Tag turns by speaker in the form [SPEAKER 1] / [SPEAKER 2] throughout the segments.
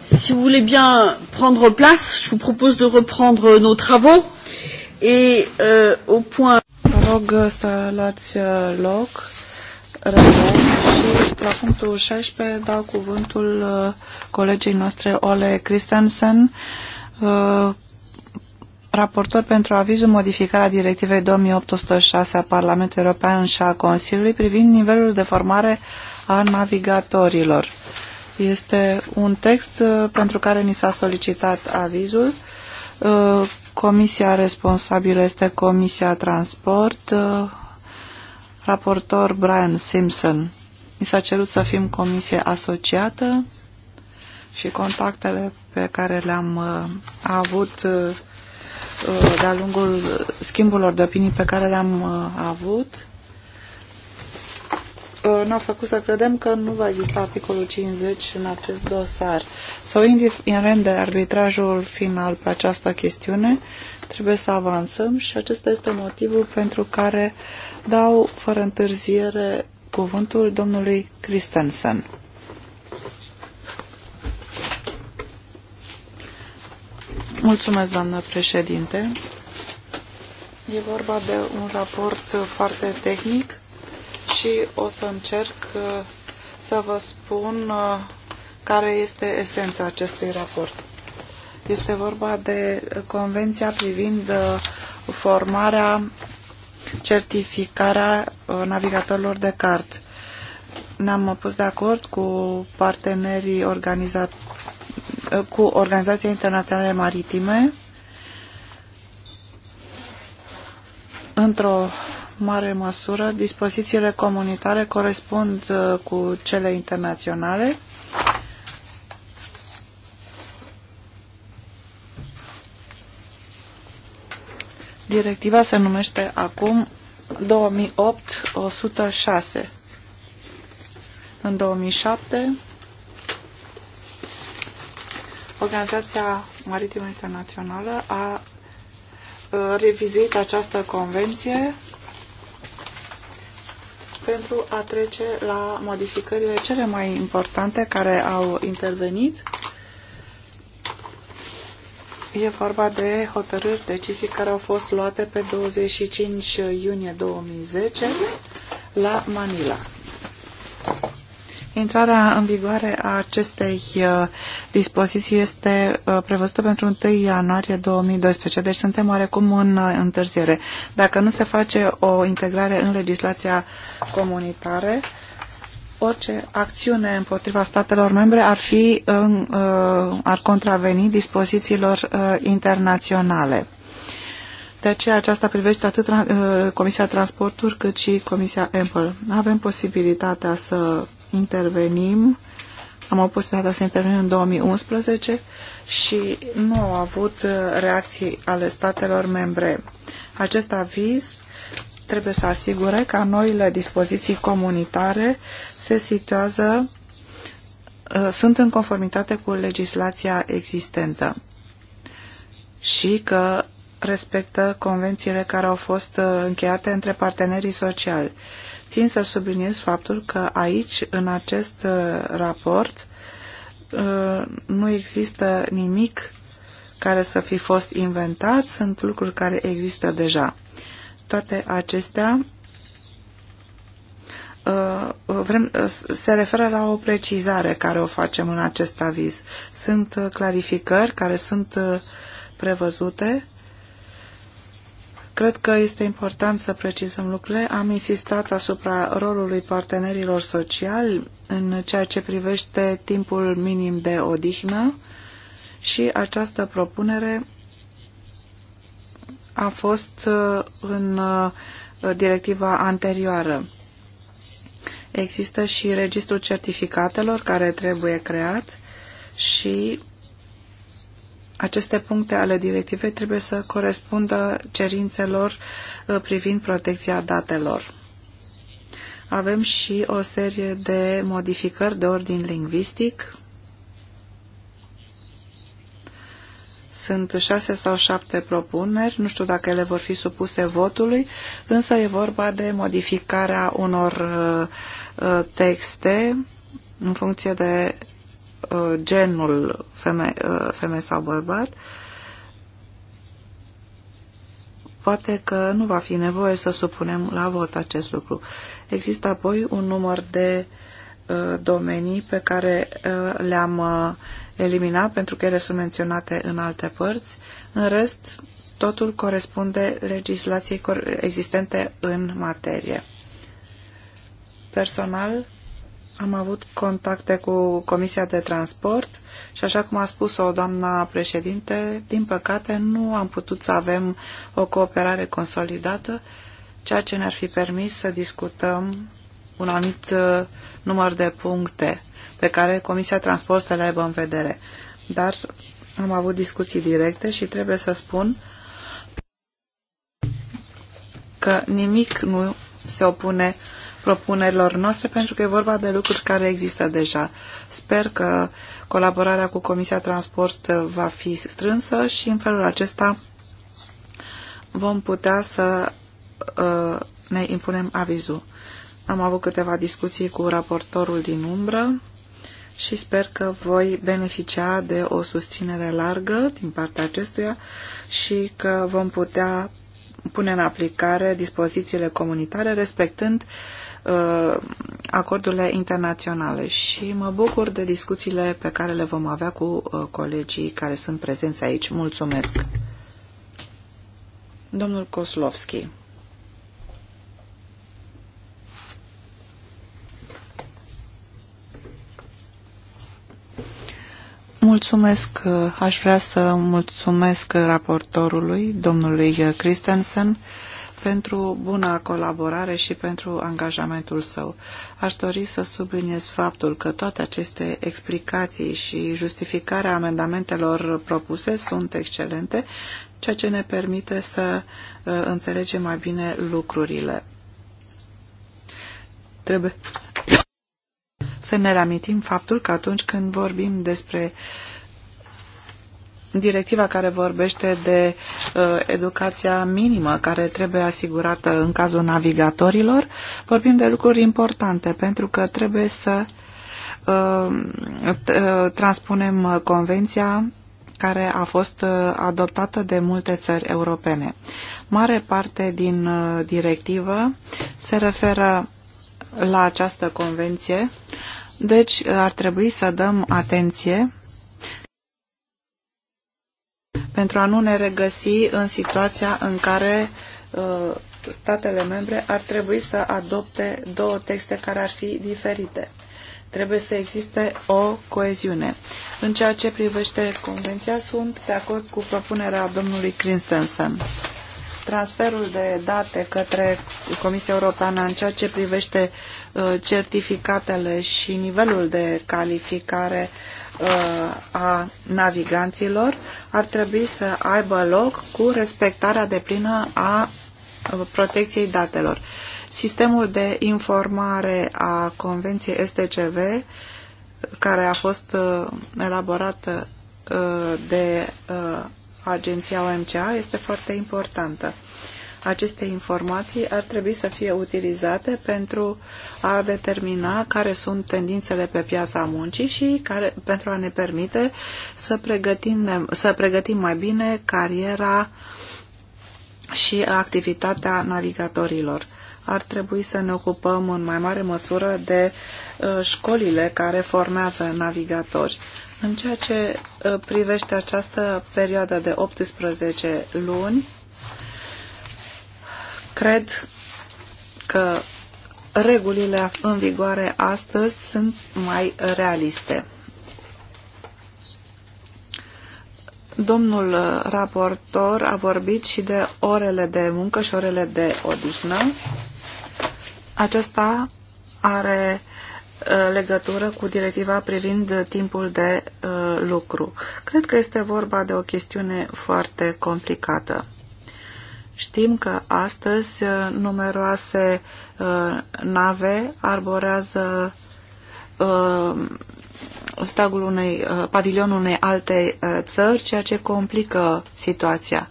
[SPEAKER 1] Si vous voulez bien prendre place, je vous propose de reprendre nos travaux et euh, au point. Vă rog uh, să luați uh, loc, rămân și la punctul 16 dau cuvântul uh, colegii noastre Ole Christensen, raportor pentru avizul modificarea directivei 2806 a Parlamentului European și a Consiliului privind nivelul de formare a navigatorilor. Este un text uh, pentru care ni s-a solicitat avizul. Uh, comisia responsabilă este Comisia Transport, uh, raportor Brian Simpson. Mi s-a cerut să fim comisie asociată și contactele pe care le-am avut de-a lungul schimburilor de opinii pe care le-am avut Uh, ne-a făcut să credem că nu va exista articolul 50 în acest dosar. Sau indiferent de arbitrajul final pe această chestiune, trebuie să avansăm și acesta este motivul pentru care dau fără întârziere cuvântul domnului Christensen. Mulțumesc, doamnă președinte. E vorba de un raport foarte tehnic și o să încerc uh, să vă spun uh, care este esența acestui raport. Este vorba de convenția privind uh, formarea, certificarea navigatorilor de cart. Ne-am pus de acord cu partenerii organizat cu Organizația Internaționale Maritime într-o mare măsură dispozițiile comunitare corespund uh, cu cele internaționale. Directiva se numește acum 2008-106. În 2007, Organizația Maritimă Internațională a uh, revizuit această convenție pentru a trece la modificările cele mai importante care au intervenit. E vorba de hotărâri, decizii care au fost luate pe 25 iunie 2010 la Manila. Intrarea în vigoare a acestei uh, dispoziții este uh, prevăzută pentru 1 ianuarie 2012, deci suntem oarecum în uh, întârziere. Dacă nu se face o integrare în legislația comunitară, orice acțiune împotriva statelor membre ar, fi, ar contraveni dispozițiilor internaționale. De aceea aceasta privește atât Comisia Transporturi cât și Comisia Ample. Avem posibilitatea să intervenim, am data să intervenim în 2011 și nu au avut uh, reacții ale statelor membre. Acest aviz trebuie să asigure că noile dispoziții comunitare se situează, uh, sunt în conformitate cu legislația existentă și că respectă convențiile care au fost uh, încheiate între partenerii sociali. Țin să subliniez faptul că aici, în acest uh, raport, uh, nu există nimic care să fi fost inventat, sunt lucruri care există deja. Toate acestea uh, vrem, se referă la o precizare care o facem în acest aviz. Sunt clarificări care sunt prevăzute Cred că este important să precizăm lucrurile. Am insistat asupra rolului partenerilor sociali în ceea ce privește timpul minim de odihnă și această propunere a fost uh, în uh, directiva anterioară. Există și registrul certificatelor care trebuie creat și aceste puncte ale directivei trebuie să corespundă cerințelor uh, privind protecția datelor. Avem și o serie de modificări de ordin lingvistic. Sunt șase sau șapte propuneri, nu știu dacă ele vor fi supuse votului, însă e vorba de modificarea unor uh, uh, texte în funcție de uh, genul feme, uh, sau bărbat, poate că nu va fi nevoie să supunem la vot acest lucru. Există apoi un număr de uh, domenii pe care uh, le-am uh, eliminat pentru că ele sunt menționate în alte părți. În rest, totul corespunde legislației existente în materie. Personal, am avut contacte cu Comisia de Transport și așa cum a spus-o doamna președinte, din păcate nu am putut să avem o cooperare consolidată, ceea ce ne-ar fi permis să discutăm un anumit uh, număr de puncte pe care Comisia Transport să le aibă în vedere. Dar am avut discuții directe și trebuie să spun că nimic nu se opune propunerilor noastre pentru că e vorba de lucruri care există deja. Sper că colaborarea cu Comisia Transport va fi strânsă și în felul acesta vom putea să uh, ne impunem avizul. Am avut câteva discuții cu raportorul din umbră și sper că voi beneficia de o susținere largă din partea acestuia și că vom putea pune în aplicare dispozițiile comunitare respectând Uh, acordurile internaționale și mă bucur de discuțiile pe care le vom avea cu uh, colegii care sunt prezenți aici. Mulțumesc! Domnul Koslovski. Mulțumesc, aș vrea să mulțumesc raportorului, domnului Christensen, pentru buna colaborare și pentru angajamentul său. Aș dori să subliniez faptul că toate aceste explicații și justificarea amendamentelor propuse sunt excelente, ceea ce ne permite să uh, înțelegem mai bine lucrurile. Trebuie să ne reamintim faptul că atunci când vorbim despre uh, directiva care vorbește de uh, educația minimă care trebuie asigurată în cazul navigatorilor, vorbim de lucruri importante pentru că trebuie să uh, uh transpunem convenția care a fost uh, adoptată de multe țări europene. Mare parte din uh, directivă se referă la această convenție, deci uh, ar trebui să dăm atenție pentru a nu ne regăsi în situația în care uh, statele membre ar trebui să adopte două texte care ar fi diferite. Trebuie să existe o coeziune. În ceea ce privește convenția, sunt de acord cu propunerea domnului Christensen. Transferul de date către Comisia Europeană în ceea ce privește uh, certificatele și nivelul de calificare Uh, a naviganților ar trebui să aibă loc cu respectarea deplină a uh, protecției datelor. Sistemul de informare a Convenției STCV, care a fost uh, elaborat de Agenția OMCA, este foarte importantă aceste informații ar trebui să fie utilizate pentru a determina care sunt tendințele pe piața muncii și care, pentru a ne permite să pregătim, să pregătim mai bine cariera și activitatea navigatorilor. Ar trebui să ne ocupăm în mai mare măsură de uh, școlile care formează navigatori. În ceea ce uh, privește această perioadă de 18 luni, Cred că regulile în vigoare astăzi sunt mai realiste. Domnul raportor a vorbit și de orele de muncă și orele de odihnă. Acesta are ă, legătură cu directiva privind timpul de ă, lucru. Cred că este vorba de o chestiune foarte complicată. Știm că astăzi uh, numeroase uh, nave arborează uh, stagul unei, pavilionul unei alte țări, ceea ce complică situația.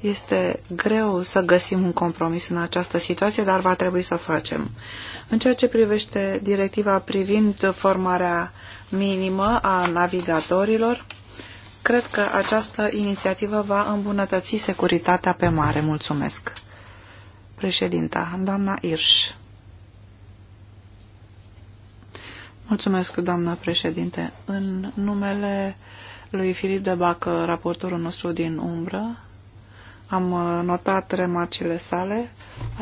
[SPEAKER 1] Este greu să găsim un compromis în această situație, dar va trebui să o facem. În ceea ce privește directiva privind formarea minimă a navigatorilor, Cred că această inițiativă va îmbunătăți securitatea pe mare. Mulțumesc. Președinta, doamna Irș. Mulțumesc, doamna președinte. În numele lui Filip de Bacă, raportorul nostru din umbră, am notat remarcile sale.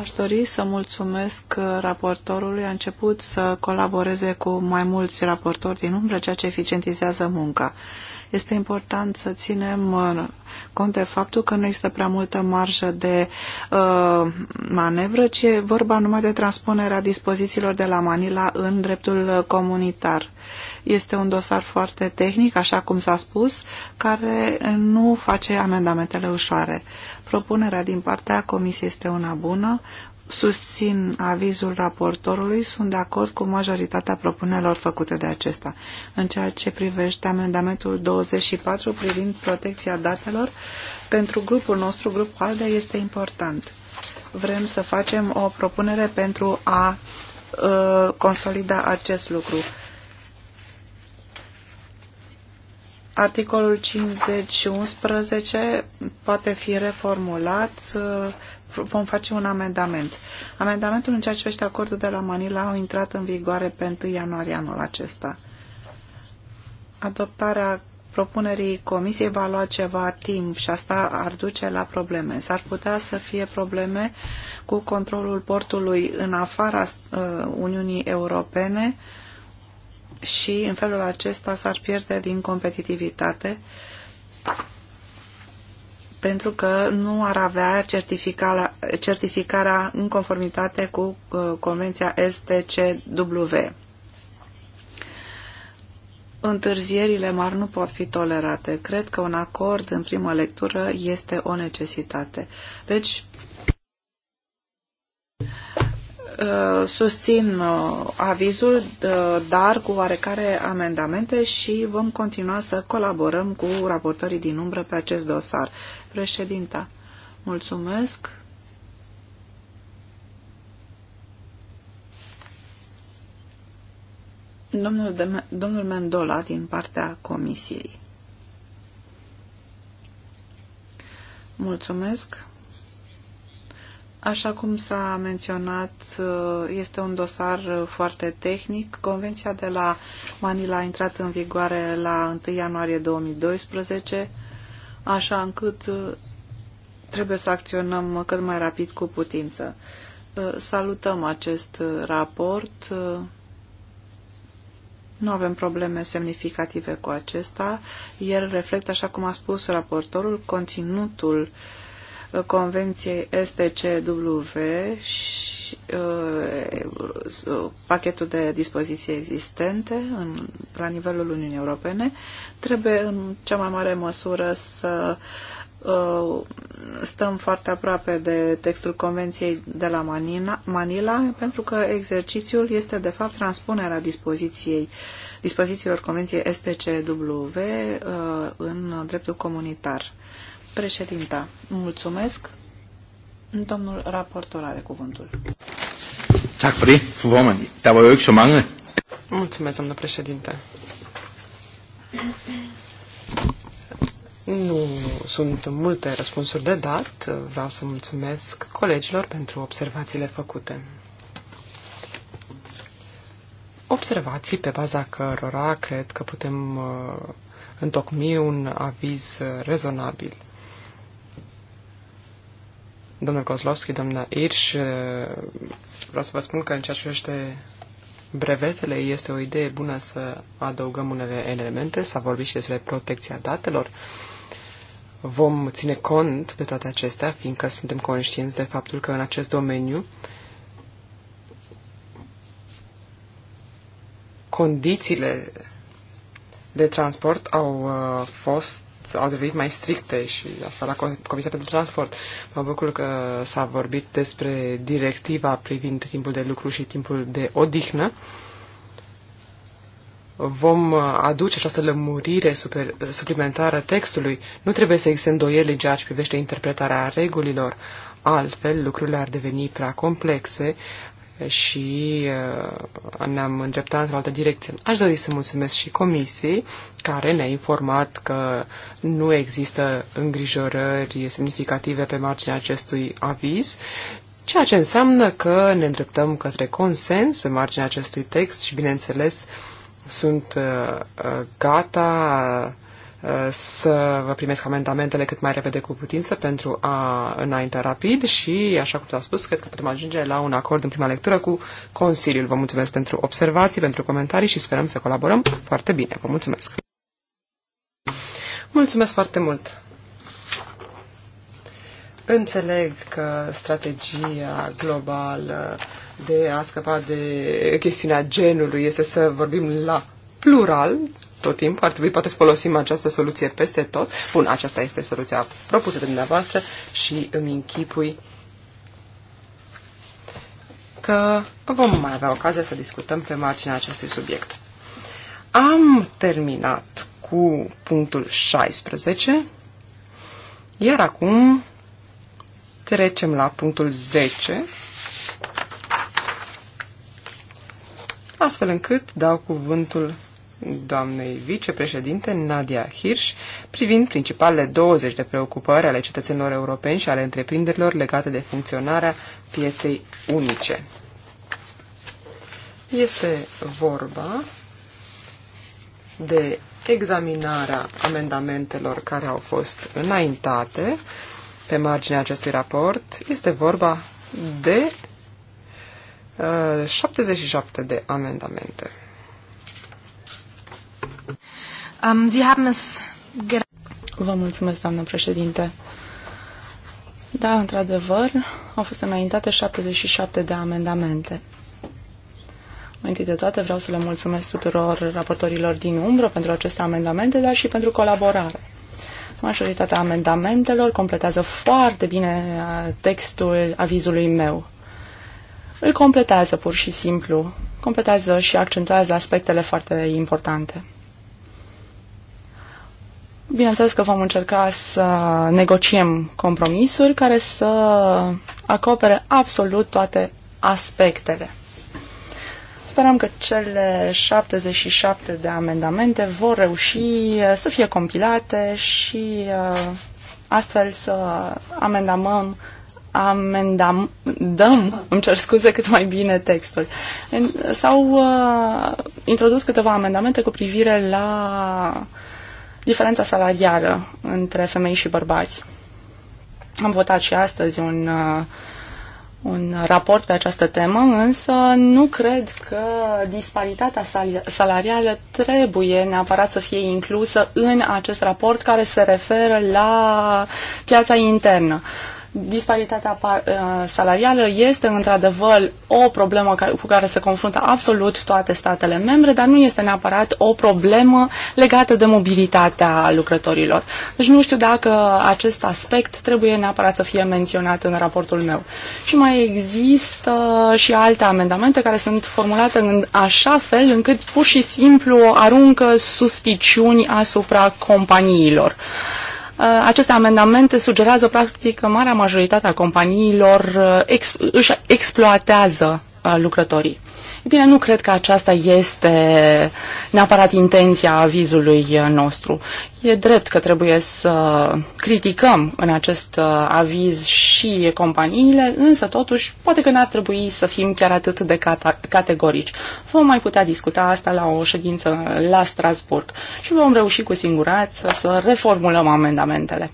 [SPEAKER 1] Aș dori să mulțumesc raportorului. A început să colaboreze cu mai mulți raportori din umbră, ceea ce eficientizează munca. Este important să ținem uh, cont de faptul că nu există prea multă marjă de uh, manevră, ci e vorba numai de transpunerea dispozițiilor de la Manila în dreptul uh, comunitar. Este un dosar foarte tehnic, așa cum s-a spus, care nu face amendamentele ușoare. Propunerea din partea Comisiei este una bună, Susțin avizul raportorului, sunt de acord cu majoritatea propunerilor făcute de acesta. În ceea ce privește amendamentul 24 privind protecția datelor, pentru grupul nostru, grupul ALDE, este important. Vrem să facem o propunere pentru a uh, consolida acest lucru. Articolul 50 și 11 poate fi reformulat uh, vom face un amendament. Amendamentul în ceea ce privește acordul de la Manila au intrat în vigoare pe 1 ianuarie anul acesta. Adoptarea propunerii comisiei va lua ceva timp și asta ar duce la probleme. S-ar putea să fie probleme cu controlul portului în afara uh, Uniunii Europene și în felul acesta s-ar pierde din competitivitate pentru că nu ar avea certificarea, certificarea în conformitate cu uh, Convenția STCW. Întârzierile mari nu pot fi tolerate. Cred că un acord în primă lectură este o necesitate. Deci, uh, susțin uh, avizul, dar cu oarecare amendamente și vom continua să colaborăm cu raportorii din umbră pe acest dosar. Președinta, mulțumesc. Domnul, de, domnul Mendola din partea Comisiei. Mulțumesc. Așa cum s-a menționat, uh, este un dosar uh, foarte tehnic. Convenția de la Manila a intrat în vigoare la 1 ianuarie 2012 așa încât uh, trebuie să acționăm cât mai rapid cu putință. Uh, salutăm acest uh, raport. Nu avem probleme semnificative cu acesta. El reflectă, așa cum a spus raportorul, conținutul uh, Uh, Convenției STCW și uh, uh, pachetul de dispoziții existente în, la nivelul Uniunii Europene, trebuie în cea mai mare măsură să uh, stăm foarte aproape de textul Convenției de la Manila, Manila pentru că exercițiul este de fapt transpunerea dispoziției dispozițiilor Convenției STCW uh, în dreptul comunitar. Președinta, mulțumesc.
[SPEAKER 2] Domnul raportor are cuvântul.
[SPEAKER 1] Tak for det, fru formand. Der var jo ikke så mange.
[SPEAKER 2] Mulțumesc, doamnă președinte. Nu sunt multe răspunsuri de dat. Vreau să mulțumesc colegilor pentru observațiile făcute. Observații pe baza cărora cred că putem uh, întocmi un aviz rezonabil domnul Kozlovski, doamna Irș, eh, vreau să vă spun că în ceea ce privește brevetele, este o idee bună să adăugăm unele elemente, să vorbim și despre protecția datelor. Vom ține cont de toate acestea, fiindcă suntem conștienți de faptul că în acest domeniu condițiile de transport au uh, fost au devenit mai stricte și asta la Comisia pentru Transport. Mă bucur că s-a vorbit despre directiva privind timpul de lucru și timpul de odihnă. Vom uh, aduce această lămurire super, suplimentară textului. Nu trebuie să existe îndoieli în ceea ce privește interpretarea regulilor. Altfel, lucrurile ar deveni prea complexe, și uh, ne-am îndreptat într-o altă direcție. Aș dori să mulțumesc și comisiei care ne-a informat că nu există îngrijorări semnificative pe marginea acestui aviz, ceea ce înseamnă că ne îndreptăm către consens pe marginea acestui text și, bineînțeles, sunt uh, uh, gata să vă primesc amendamentele cât mai repede cu putință pentru a înainta rapid și, așa cum am spus, cred că putem ajunge la un acord în prima lectură cu Consiliul. Vă mulțumesc pentru observații, pentru comentarii și sperăm să colaborăm foarte bine. Vă mulțumesc! Mulțumesc foarte mult! Înțeleg că strategia globală de a scăpa de chestiunea genului este să vorbim la plural, tot timpul. Ar trebui poate să folosim această soluție peste tot. Bun, aceasta este soluția propusă de dumneavoastră și îmi închipui că vom mai avea ocazia să discutăm pe marginea acestui subiect. Am terminat cu punctul 16, iar acum trecem la punctul 10, astfel încât dau cuvântul doamnei vicepreședinte Nadia Hirsch privind principalele 20 de preocupări ale cetățenilor europeni și ale întreprinderilor legate de funcționarea pieței unice. Este vorba de examinarea amendamentelor care au fost înaintate pe marginea acestui raport. Este vorba de uh, 77 de amendamente.
[SPEAKER 3] Um, Sie haben es Vă mulțumesc, doamnă președinte. Da, într-adevăr, au fost înaintate 77 de amendamente. Mai întâi de toate vreau să le mulțumesc tuturor raportorilor din umbră pentru aceste amendamente, dar și pentru colaborare. Majoritatea amendamentelor completează foarte bine uh, textul avizului meu. Îl completează pur și simplu, completează și accentuează aspectele foarte importante. Bineînțeles că vom încerca să negociem compromisuri care să acopere absolut toate aspectele. Sperăm că cele 77 de amendamente vor reuși uh, să fie compilate și uh, astfel să amendamăm amendam, dăm, îmi cer scuze cât mai bine textul. S-au uh, introdus câteva amendamente cu privire la diferența salarială între femei și bărbați. Am votat și astăzi un, uh, un raport pe această temă, însă nu cred că disparitatea salarială trebuie neapărat să fie inclusă în acest raport care se referă la piața internă. Uh, Disparitatea uh, salarială este într-adevăr o problemă cu care se confruntă absolut toate statele membre, dar nu este neapărat o problemă legată de mobilitatea lucrătorilor. Deci nu știu dacă acest aspect trebuie neapărat să fie menționat în raportul meu. Și mai există și alte amendamente care sunt formulate în așa fel încât pur și simplu aruncă suspiciuni asupra companiilor. Uh, Uh, aceste amendamente sugerează practic că marea majoritate a companiilor uh, ex, își exploatează uh, lucrătorii. E bine, nu cred că aceasta este neapărat intenția avizului nostru. E drept că trebuie să criticăm în acest uh, aviz și companiile, însă totuși poate că n-ar trebui să fim chiar atât de categorici. Vom mai putea discuta asta la o ședință la Strasburg și vom reuși cu singurață să reformulăm amendamentele.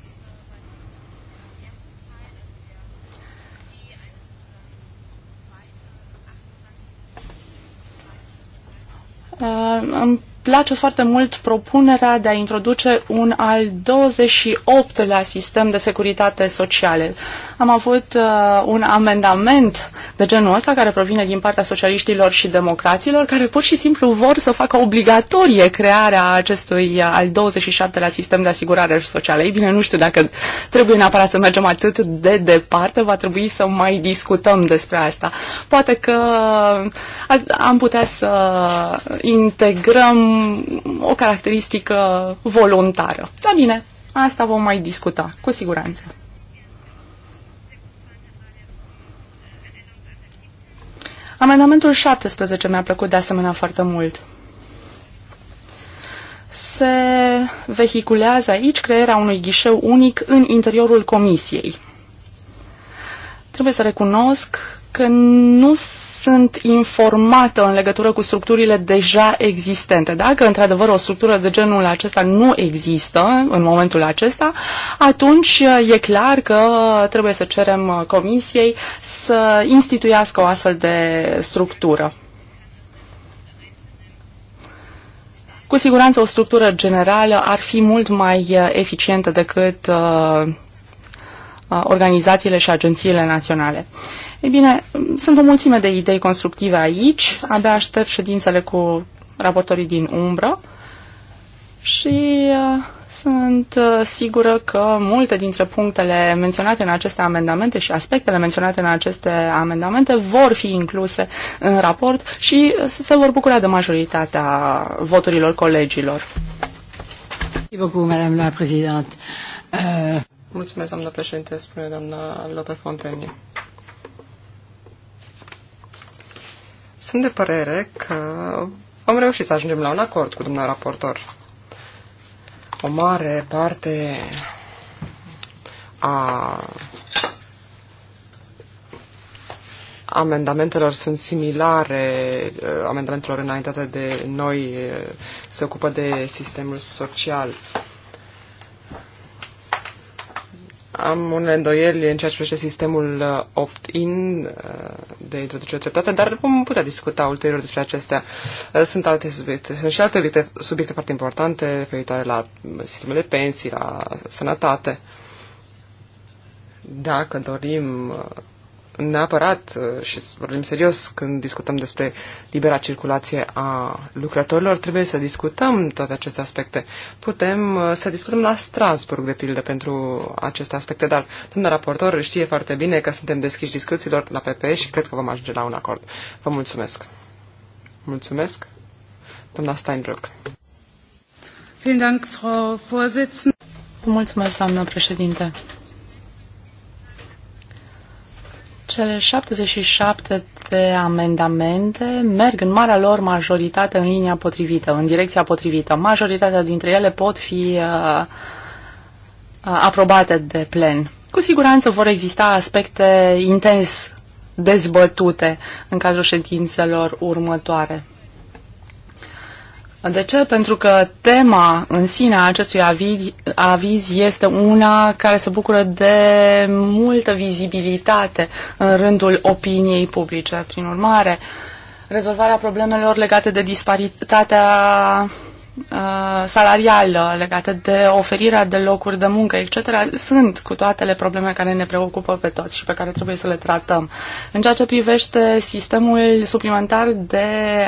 [SPEAKER 3] Uh, am place foarte mult propunerea de a introduce un al 28-lea sistem de securitate sociale. Am avut uh, un amendament de genul ăsta care provine din partea socialiștilor și democraților care pur și simplu vor să facă obligatorie crearea acestui uh, al 27-lea sistem de asigurare socială. Ei bine, nu știu dacă trebuie neapărat să mergem atât de departe, va trebui să mai discutăm despre asta. Poate că uh, am putea să integrăm Mm, o caracteristică voluntară. Dar bine, asta vom mai discuta, cu siguranță. Amendamentul 17 mi-a plăcut de asemenea foarte mult. Se vehiculează aici crearea unui ghișeu unic în interiorul comisiei. Trebuie să recunosc că nu sunt informată în legătură cu structurile deja existente. Dacă într-adevăr o structură de genul acesta nu există în momentul acesta, atunci e clar că trebuie să cerem comisiei să instituiască o astfel de structură. Cu siguranță o structură generală ar fi mult mai eficientă decât uh, uh, organizațiile și agențiile naționale. Ei bine, sunt o mulțime de idei constructive aici, abia aștept ședințele cu raportorii din umbră și uh, sunt uh, sigură că multe dintre punctele menționate în aceste amendamente și aspectele menționate în aceste amendamente vor fi incluse în raport și uh, se vor bucura de majoritatea voturilor colegilor.
[SPEAKER 2] Euh, Mulțumesc, doamnă președinte, spune doamna Lope Fontenie. Sunt de părere că am reușit să ajungem la un acord cu domnul raportor. O mare parte a amendamentelor sunt similare amendamentelor înaintate de noi, se ocupă de sistemul social. Am unele îndoieli în ceea ce privește sistemul uh, opt-in uh, de introducere treptată, dar vom putea discuta ulterior despre acestea. Uh, sunt alte subiecte, sunt și alte subiecte, subiecte foarte importante referitoare la sistemul de pensii, la sănătate. Dacă dorim neapărat uh, și vorbim serios când discutăm despre libera circulație a lucrătorilor, trebuie să discutăm toate aceste aspecte. Putem uh, să discutăm la Strasburg, de pildă, pentru aceste aspecte, dar domnul raportor știe foarte bine că suntem deschiși discuțiilor la PP și cred că vom ajunge la un acord. Vă mulțumesc. Mulțumesc. Doamna Steinbrück.
[SPEAKER 1] Vielen Dank, Frau
[SPEAKER 3] Vorsitzende. Mulțumesc, doamnă președinte. Cele 77 de amendamente merg în marea lor majoritate în linia potrivită, în direcția potrivită. Majoritatea dintre ele pot fi uh, uh aprobate de plen. Cu siguranță vor exista aspecte intens dezbătute în cadrul ședințelor următoare. De ce? Pentru că tema în sine a acestui aviz, aviz este una care se bucură de multă vizibilitate în rândul opiniei publice. Prin urmare, rezolvarea problemelor legate de disparitatea Uh, salarial legate de oferirea de locuri de muncă, etc., sunt cu toatele probleme care ne preocupă pe toți și pe care trebuie să le tratăm. În ceea ce privește sistemul suplimentar de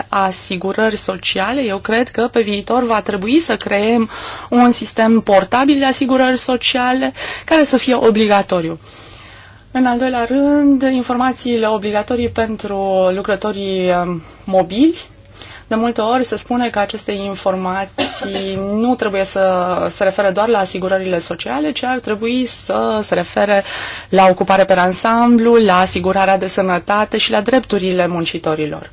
[SPEAKER 3] asigurări sociale, eu cred că pe viitor va trebui să creăm un sistem portabil de asigurări sociale care să fie obligatoriu. În al doilea rând, informațiile obligatorii pentru lucrătorii uh, mobili de multe ori se spune că aceste informații nu trebuie să se refere doar la asigurările sociale, ci ar trebui să se refere la ocupare pe ansamblu, la asigurarea de sănătate și la drepturile muncitorilor.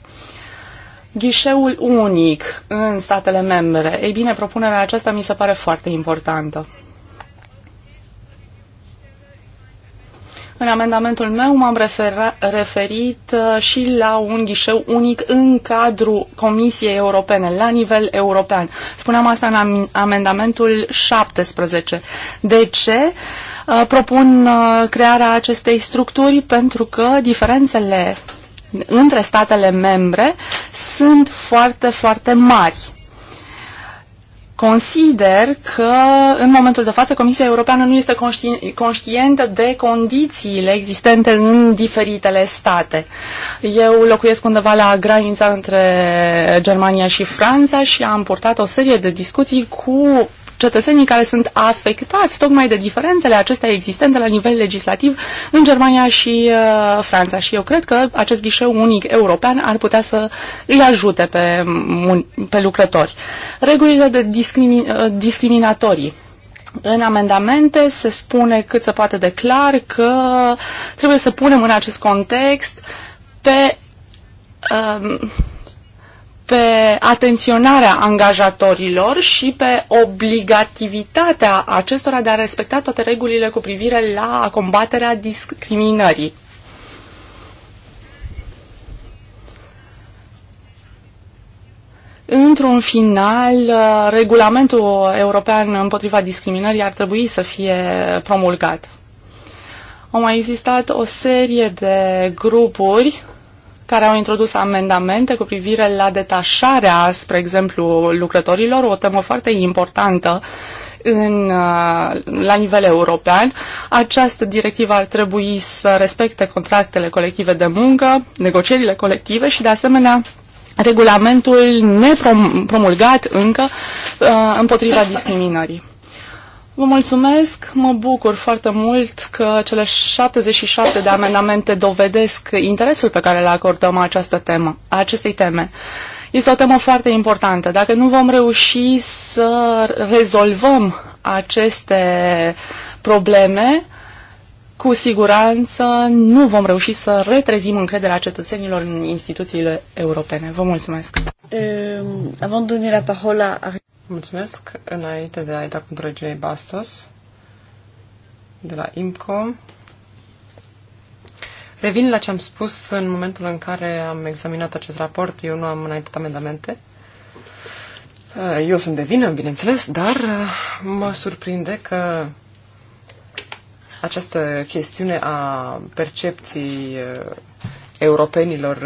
[SPEAKER 3] Ghișeul unic în statele membre. Ei bine, propunerea aceasta mi se pare foarte importantă. În amendamentul meu m-am referit uh, și la un ghișeu unic în cadrul Comisiei Europene, la nivel european. Spuneam asta în amendamentul 17. De ce? Uh, propun uh, crearea acestei structuri pentru că diferențele între statele membre sunt foarte, foarte mari. Consider că în momentul de față Comisia Europeană nu este conștientă de condițiile existente în diferitele state. Eu locuiesc undeva la granița între Germania și Franța și am purtat o serie de discuții cu cetățenii care sunt afectați tocmai de diferențele acestea existente la nivel legislativ în Germania și uh, Franța. Și eu cred că acest ghișeu unic european ar putea să îi ajute pe, pe lucrători. Regulile de discrimi- uh, discriminatorii. În amendamente se spune cât se poate de clar că trebuie să punem în acest context pe um, pe atenționarea angajatorilor și pe obligativitatea acestora de a respecta toate regulile cu privire la combaterea discriminării. Într-un final, regulamentul european împotriva discriminării ar trebui să fie promulgat. Au mai existat o serie de grupuri care au introdus amendamente cu privire la detașarea, spre exemplu, lucrătorilor, o temă foarte importantă în, uh, la nivel european. Această directivă ar trebui să respecte contractele colective de muncă, negocierile colective și, de asemenea, regulamentul nepromulgat încă uh, împotriva discriminării. Vă mulțumesc, mă bucur foarte mult că cele 77 de amendamente dovedesc interesul pe care le acordăm această temă, acestei teme. Este o temă foarte importantă. Dacă nu vom reuși să rezolvăm aceste probleme, cu siguranță nu vom reuși să retrezim încrederea cetățenilor în instituțiile europene. Vă mulțumesc.
[SPEAKER 2] Uh, avant de la Mulțumesc. Înainte de a da cuvântul reginei Bastos, de la IMCO, revin la ce am spus în momentul în care am examinat acest raport. Eu nu am înaintat amendamente. Uh, eu sunt de vină, bineînțeles, dar uh, mă surprinde că această chestiune a percepției uh, europenilor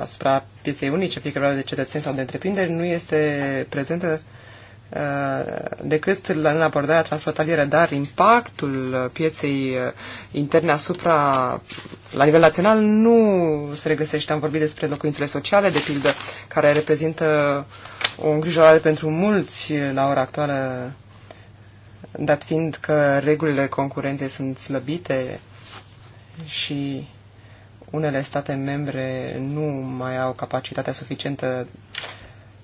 [SPEAKER 2] asupra pieței unice, fie că vorba de cetățeni sau de întreprinderi, nu este prezentă Uh, decât în abordarea transfrontalieră, dar impactul pieței uh, interne asupra, la nivel național, nu se regăsește. Am vorbit despre locuințele sociale, de pildă, care reprezintă o îngrijorare pentru mulți la ora actuală, dat fiind că regulile concurenței sunt slăbite și unele state membre nu mai au capacitatea suficientă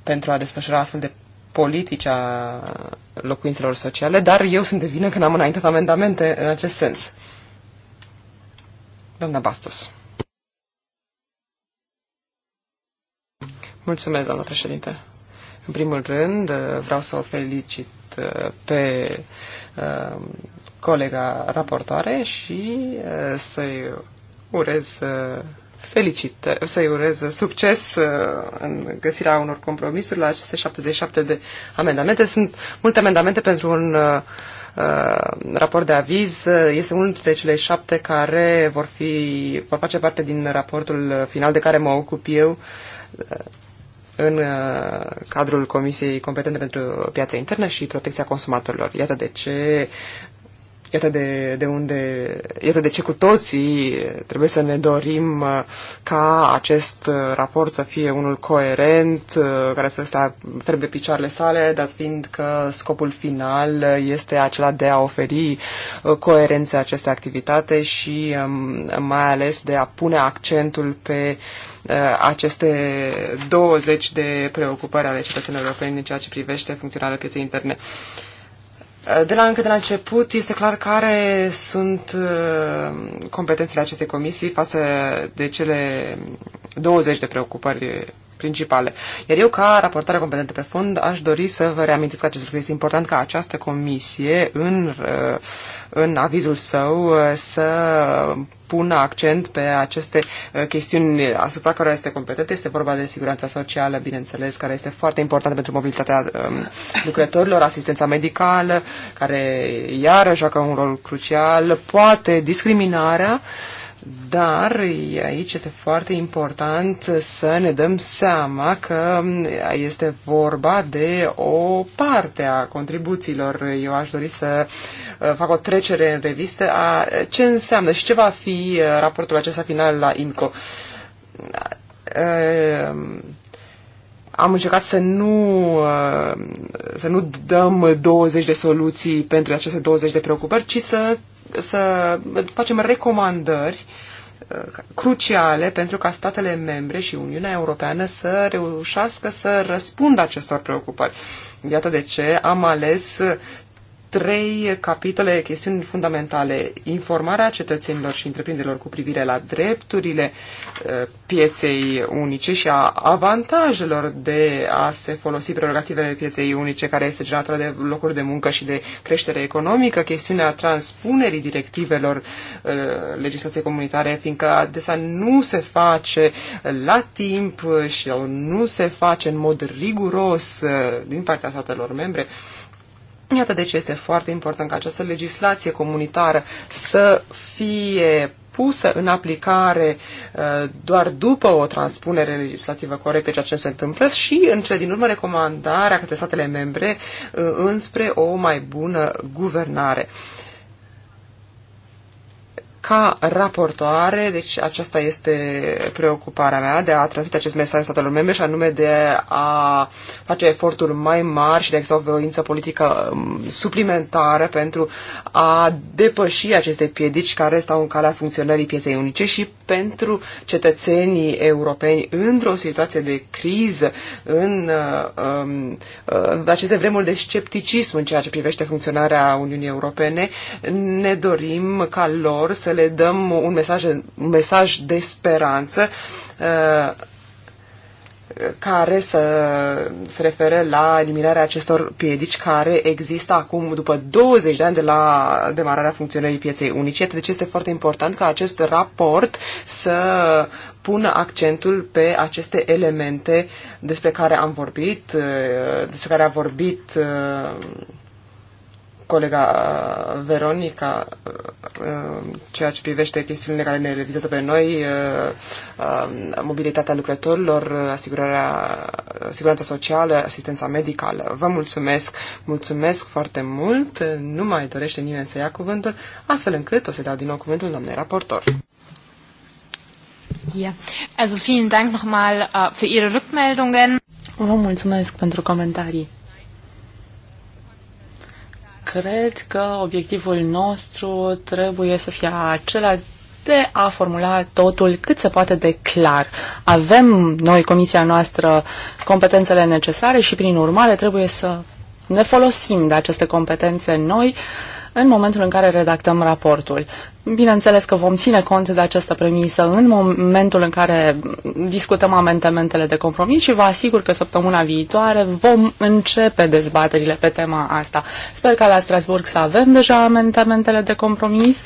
[SPEAKER 2] pentru a desfășura astfel de politice a locuințelor sociale, dar eu sunt de vină că n-am înaintat amendamente în acest sens. Doamna Bastos. Mulțumesc, doamna președinte. În primul rând, uh, vreau să o felicit uh, pe uh, colega raportoare și să-i urez felicit, să-i urez succes uh, în găsirea unor compromisuri la aceste 77 de amendamente. Sunt multe amendamente pentru un uh, uh, raport de aviz. Este unul dintre cele șapte care vor, fi, vor face parte din raportul final de care mă ocup eu în cadrul Comisiei Competente pentru Piața Internă și Protecția Consumatorilor. Iată de ce Iată de, de unde, iată de ce cu toții trebuie să ne dorim uh, ca acest uh, raport să fie unul coerent, uh, care să stea ferm de picioarele sale, dat fiind că scopul final este acela de a oferi coerență aceste activitate și um, mai ales de a pune accentul pe aceste 20 de preocupări ale cetățenilor europeni în ceea ce privește funcționarea pieței interne. Uh, de la încă de la început este clar care sunt uh, competențele acestei comisii față de cele 20 de preocupări principale. Iar eu, ca raportare competentă pe fond, aș dori să vă reamintesc că acest lucru este important ca această comisie, în, uh, în avizul său, uh, să pună accent pe aceste uh, chestiuni asupra care este competentă. Este vorba de siguranța socială, bineînțeles, care este foarte importantă pentru mobilitatea um, lucrătorilor, asistența medicală, care iară joacă un rol crucial, poate discriminarea, uh, dar aici este foarte important să ne dăm seama că este vorba de o parte a contribuțiilor. Eu aș dori să uh, fac o trecere în revistă a ce înseamnă și ce va fi uh, raportul acesta final la IMCO. Uh, am încercat să nu, să nu dăm 20 de soluții pentru aceste 20 de preocupări, ci să să facem recomandări uh, cruciale pentru ca statele membre și Uniunea Europeană să reușească să răspundă acestor preocupări. Iată de ce am ales trei capitole, chestiuni fundamentale. Informarea cetățenilor și întreprinderilor cu privire la drepturile uh, pieței unice și a avantajelor de a se folosi prerogativele pieței unice, care este generatoare de locuri de muncă și de creștere economică, chestiunea transpunerii directivelor uh, legislației comunitare, fiindcă adesea nu se face la timp și nu se face în mod riguros uh, din partea statelor membre Iată de ce este foarte important ca această legislație comunitară să fie pusă în aplicare uh, doar după o transpunere legislativă corectă, ceea ce se întâmplă, și în cele din urmă recomandarea către statele membre uh, înspre o mai bună guvernare ca raportoare, deci aceasta este preocuparea mea de a transmite acest mesaj statelor membre și anume de a face eforturi mai mari și de a exista o voință politică um, suplimentară pentru a depăși aceste piedici care stau în calea funcționării pieței unice și pentru cetățenii europeni într-o situație de criză, în uh, um, uh, în aceste vremuri de scepticism în ceea ce privește funcționarea Uniunii Europene, ne dorim ca lor să le dăm un mesaj, un mesaj de speranță uh, care să se refere la eliminarea acestor piedici care există acum după 20 de ani de la demararea funcționării pieței unice. Deci este foarte important ca acest raport să pună accentul pe aceste elemente despre care am vorbit, despre care a vorbit colega uh, Veronica, uh, um, ceea ce privește chestiunile care ne vizează pe noi, uh, um, mobilitatea lucrătorilor, asigurarea, siguranța socială, asistența medicală. Vă mulțumesc, mulțumesc foarte mult. Nu mai dorește nimeni să ia cuvântul, astfel încât o să dau din nou cuvântul doamnei raportor.
[SPEAKER 3] Yeah. Also vielen Dank nochmal uh, für Ihre Rückmeldungen. Vă mulțumesc pentru comentarii cred că obiectivul nostru trebuie să fie acela de a formula totul cât se poate de clar. Avem noi, comisia noastră, competențele necesare și, prin urmare, trebuie să ne folosim de aceste competențe noi uh, în momentul în care redactăm raportul. Bineînțeles că vom ține cont de această premisă în momentul în care discutăm amendamentele de compromis și vă asigur că săptămâna viitoare vom începe dezbaterile pe tema asta. Sper ca la Strasburg să avem deja amendamentele de compromis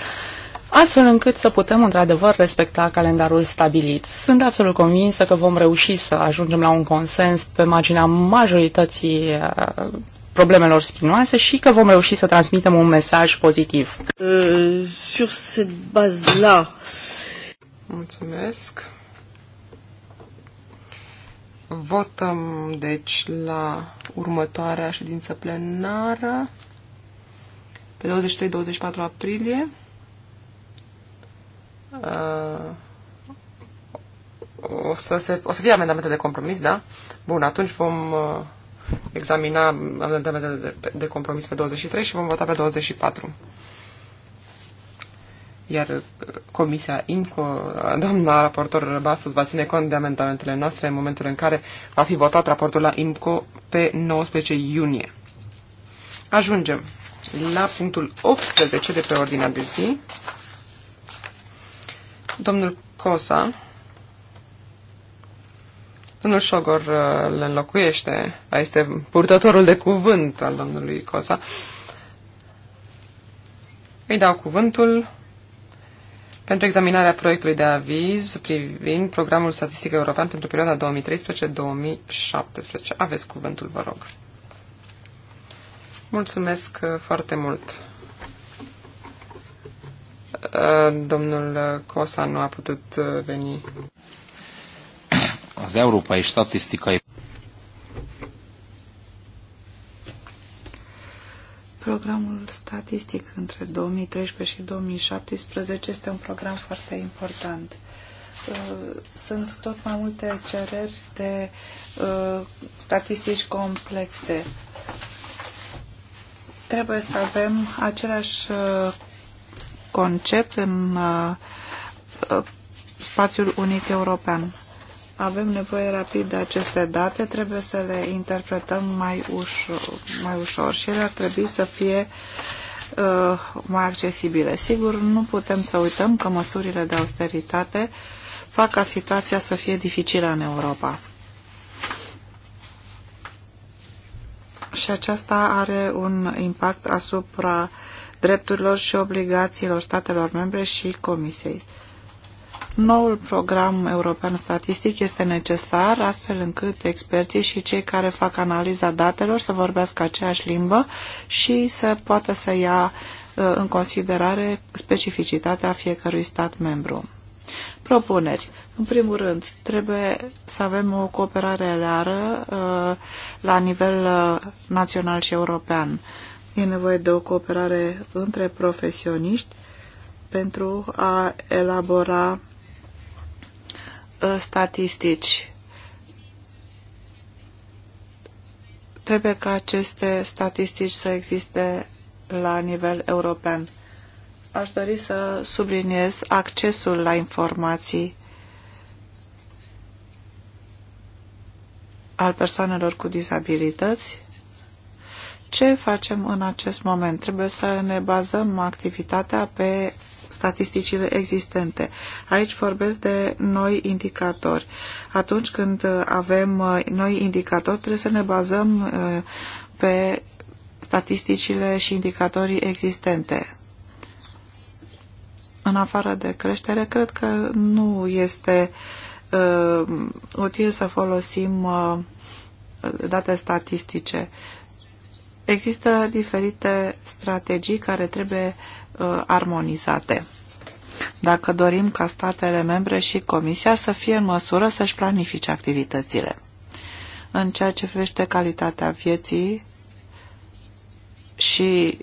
[SPEAKER 3] astfel încât să putem într-adevăr respecta calendarul stabilit. Sunt absolut convinsă că vom reuși să ajungem la un consens pe marginea majorității problemelor spinoase și că vom reuși să transmitem un mesaj pozitiv.
[SPEAKER 2] Uh, sur cette base-là. Mulțumesc. Votăm, deci, la următoarea ședință plenară pe 23-24 aprilie. Uh, o, să se, o să fie amendamente de compromis, da? Bun, atunci vom uh, examina amendamentele de, de, de compromis pe 23 și vom vota pe 24. Iar uh, Comisia IMCO, uh, doamna raportor Bastos, va ține cont de amendamentele noastre în momentul în care va fi votat raportul la IMCO pe 19 iunie. Ajungem la punctul 18 de pe ordinea de zi. Domnul Cosa Domnul Șogor uh, le înlocuiește, este purtătorul de cuvânt al domnului Cosa. Îi dau cuvântul pentru examinarea proiectului de aviz privind programul statistic european pentru perioada 2013-2017. Aveți cuvântul, vă rog. Mulțumesc uh, foarte mult. Uh, domnul Cosa nu a putut veni az európai statisztikai
[SPEAKER 1] Programul statistic între 2013 și 2017 este un program foarte important. Uh, sunt tot mai multe cereri de uh, statistici complexe. Trebuie să avem același uh, concept în spațiul unic european avem nevoie rapid de aceste date, trebuie să le interpretăm mai ușor, mai ușor și ele ar trebui să fie uh, mai accesibile. Sigur, nu putem să uităm că măsurile de austeritate fac ca situația să fie dificilă în Europa. Și aceasta are un impact asupra drepturilor și obligațiilor statelor membre și Comisiei. Noul program european statistic este necesar, astfel încât experții și cei care fac analiza datelor să vorbească aceeași limbă și să poată să ia uh, în considerare specificitatea fiecărui stat membru. Propuneri. În primul rând, trebuie să avem o cooperare leară uh, la nivel uh, național și european. E nevoie de o cooperare între profesioniști pentru a elabora Uh, statistici. Trebuie ca aceste statistici să existe la nivel european. Aș dori să subliniez accesul la informații al persoanelor cu dizabilități ce facem în acest moment? Trebuie să ne bazăm activitatea pe statisticile existente. Aici vorbesc de noi indicatori. Atunci când avem uh, noi indicatori, trebuie să ne bazăm uh, pe statisticile și indicatorii existente. În afară de creștere, cred că nu este uh, util să folosim uh, date statistice. Uh, Există diferite strategii care trebuie uh, armonizate. Dacă dorim ca statele membre și Comisia să fie în măsură să-și planifice activitățile. În ceea ce privește calitatea vieții și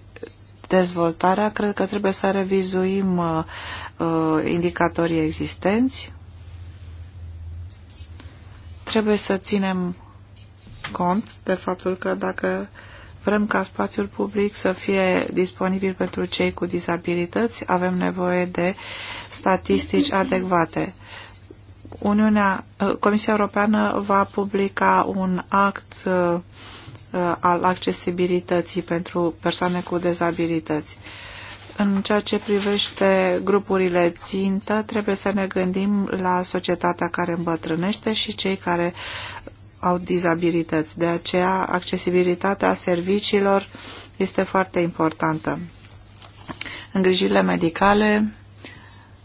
[SPEAKER 1] dezvoltarea, cred că trebuie să revizuim uh, uh indicatorii existenți. Trebuie să ținem cont de faptul că dacă uh, Vrem ca spațiul public să fie disponibil pentru cei cu dizabilități. Avem nevoie de statistici adecvate. Uniunea, uh, Comisia Europeană va publica un act uh, uh, al accesibilității pentru persoane cu dezabilități. În ceea ce privește grupurile țintă, trebuie să ne gândim la societatea care îmbătrânește și cei care au dizabilități. De aceea, accesibilitatea serviciilor este foarte importantă. Îngrijirile medicale,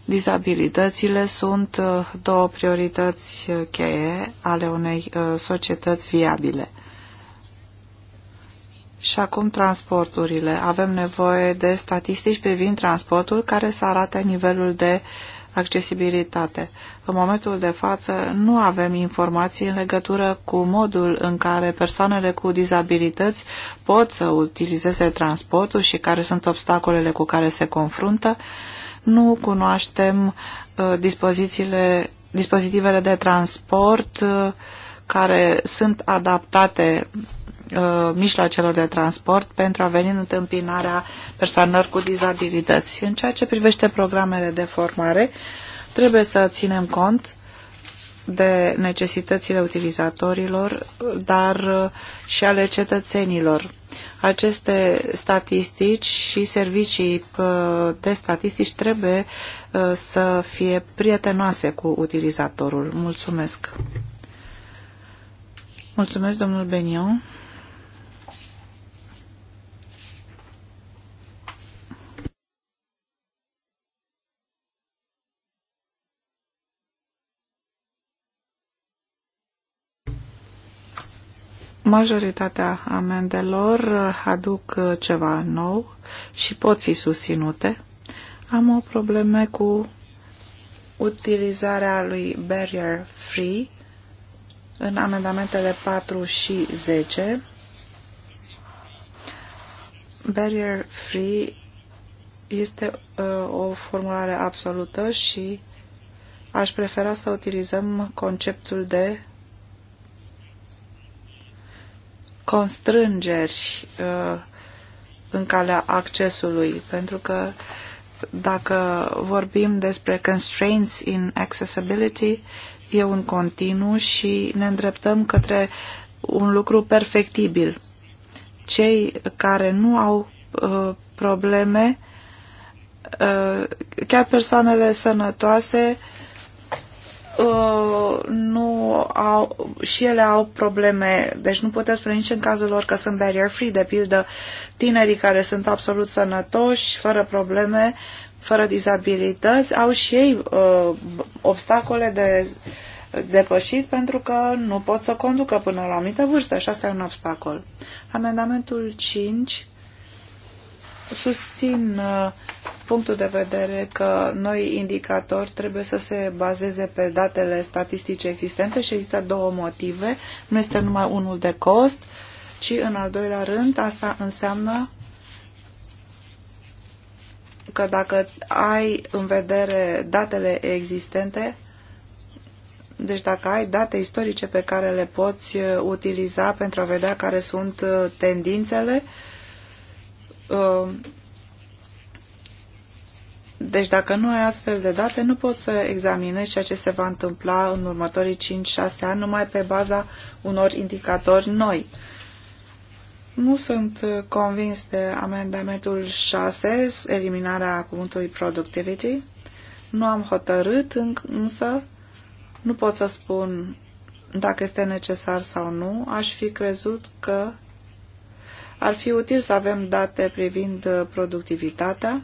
[SPEAKER 1] dizabilitățile sunt uh, două priorități uh, cheie ale unei uh, societăți viabile. Și acum transporturile. Avem nevoie de statistici privind transportul care să arate nivelul de uh, accesibilitate. În momentul de față nu avem informații în legătură cu modul în care persoanele cu dizabilități pot să utilizeze transportul și care sunt obstacolele cu care se confruntă. Nu cunoaștem uh, dispozițiile, dispozitivele de transport uh, care sunt adaptate Uh, mijloacelor de transport pentru a veni în întâmpinarea persoanelor cu dizabilități. În ceea ce privește programele de formare, trebuie să ținem cont de necesitățile utilizatorilor, dar uh, și ale cetățenilor. Aceste statistici și servicii uh, de statistici trebuie să fie prietenoase cu utilizatorul. Mulțumesc! Mulțumesc, domnul Benion. Majoritatea amendelor aduc uh, ceva nou și pot fi susținute. Am o problemă cu utilizarea lui barrier free în amendamentele 4 și 10. Barrier free este uh, o formulare absolută și aș prefera să utilizăm conceptul de constrângeri uh, în calea accesului, pentru că dacă vorbim despre constraints in accessibility, e un continuu și ne îndreptăm către un lucru perfectibil. Cei care nu au uh, probleme, uh, chiar persoanele sănătoase, Uh, nu au, și ele au probleme, deci nu putem spune nici în cazul lor că sunt barrier-free, de pildă tinerii care sunt absolut sănătoși, fără probleme, fără dizabilități, au și ei uh, obstacole de depășit pentru că nu pot să conducă până la o anumită vârstă și asta e un obstacol. Amendamentul 5 Susțin uh, punctul de vedere că noi indicatori trebuie să se bazeze pe datele statistice existente și există două motive. Nu este numai unul de cost, ci în al doilea rând asta înseamnă că dacă ai în vedere datele existente, deci dacă ai date istorice pe care le poți uh, utiliza pentru a vedea care sunt uh, tendințele, uh, Um, deci dacă nu ai astfel de date, nu poți să examinezi ceea ce se va întâmpla în următorii 5-6 ani numai pe baza unor indicatori noi. Nu sunt uh, convins de amendamentul 6, eliminarea cuvântului productivity. Nu am hotărât, însă nu pot să spun dacă este necesar sau nu. Aș fi crezut că ar fi util să avem date privind uh, productivitatea,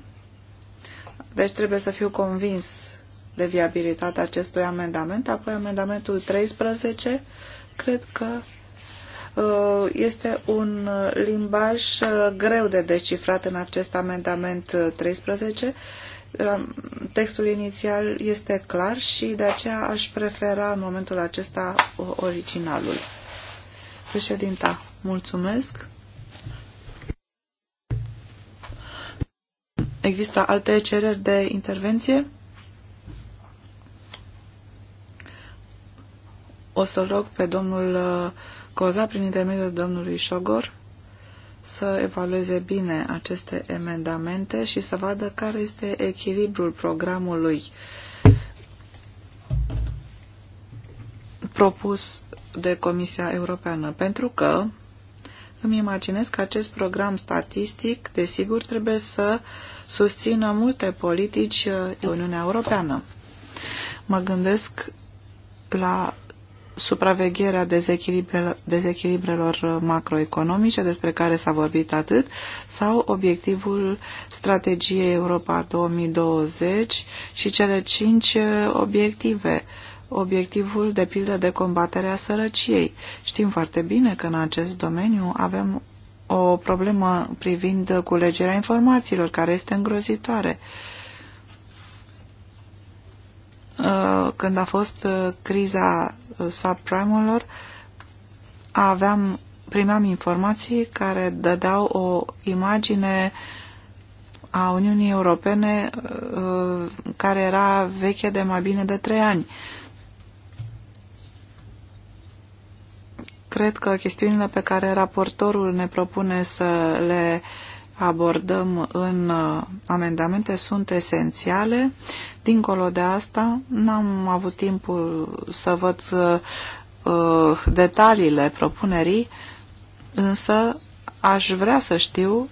[SPEAKER 1] deci trebuie să fiu convins de viabilitatea acestui amendament. Apoi amendamentul 13, cred că uh, este un uh, limbaj greu de descifrat în acest amendament 13. Textul inițial este clar și de aceea aș prefera în momentul acesta originalul. Președinta, mulțumesc. Există alte cereri de intervenție? O să rog pe domnul uh, Coza, prin intermediul domnului Șogor, să evalueze bine aceste emendamente și să vadă care este echilibrul programului propus de Comisia Europeană, pentru că îmi imaginez că acest program statistic, desigur, trebuie să uh, susțină multe politici uh, în Uniunea Europeană. Mă gândesc la supravegherea dezechilibrelor, uh, macroeconomice despre care s-a vorbit atât sau obiectivul strategiei Europa 2020 și cele cinci uh, obiective obiectivul de pildă de combatere a sărăciei. Știm foarte bine că în acest domeniu avem o problemă privind culegerea informațiilor, care este îngrozitoare. Uh, când a fost uh, criza uh, subprimelor, aveam, primeam informații care dădeau o imagine a Uniunii Europene care era veche de mai bine de trei ani. Cred că chestiunile pe care raportorul ne propune să le abordăm în uh, amendamente sunt esențiale. Dincolo de asta, n-am avut timpul să văd uh, detaliile propunerii, însă aș vrea să știu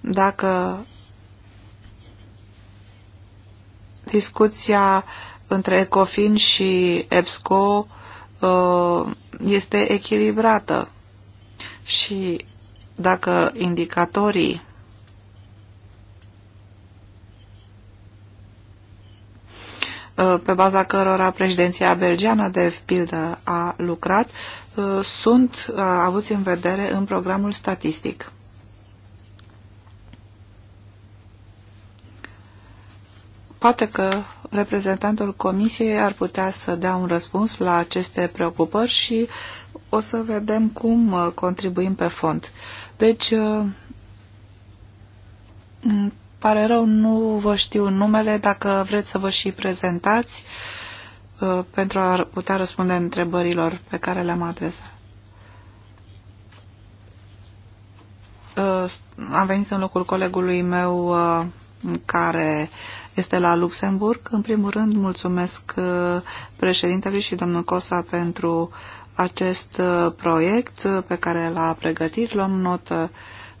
[SPEAKER 1] dacă discuția uh, între ECOFIN și EBSCO uh, este echilibrată și dacă indicatorii uh, pe baza cărora președinția belgiană de pildă a lucrat, uh, sunt avuți în vedere în programul statistic. Poate că reprezentantul Comisiei ar putea să dea un răspuns la aceste preocupări și o să vedem cum uh, contribuim pe fond. Deci, uh, pare rău, nu vă știu numele, dacă vreți să vă și prezentați uh, pentru a putea răspunde întrebărilor pe care le-am adresat. Am venit în locul colegului meu care este la Luxemburg. În primul rând, mulțumesc uh, președintelui și domnul Cosa pentru acest uh, proiect uh, pe care l-a pregătit. Luăm notă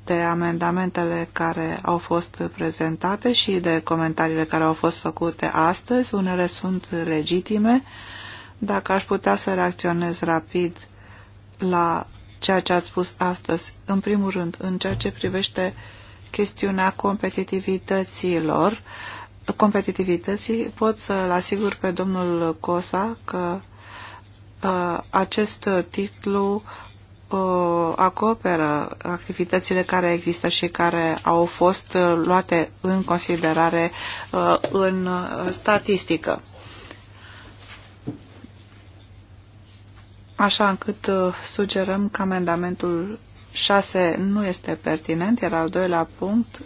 [SPEAKER 1] de amendamentele care au fost prezentate și de comentariile care au fost făcute astăzi. Unele sunt legitime. Dacă aș putea să reacționez rapid la ceea ce ați spus astăzi, în primul rând, în ceea ce privește chestiunea competitivităților, uh, competitivității pot să-l asigur pe domnul Cosa că uh, acest titlu uh, acoperă activitățile care există și care au fost uh, luate în considerare uh, în uh, statistică. Așa încât uh, sugerăm că amendamentul 6 nu este pertinent, iar al doilea punct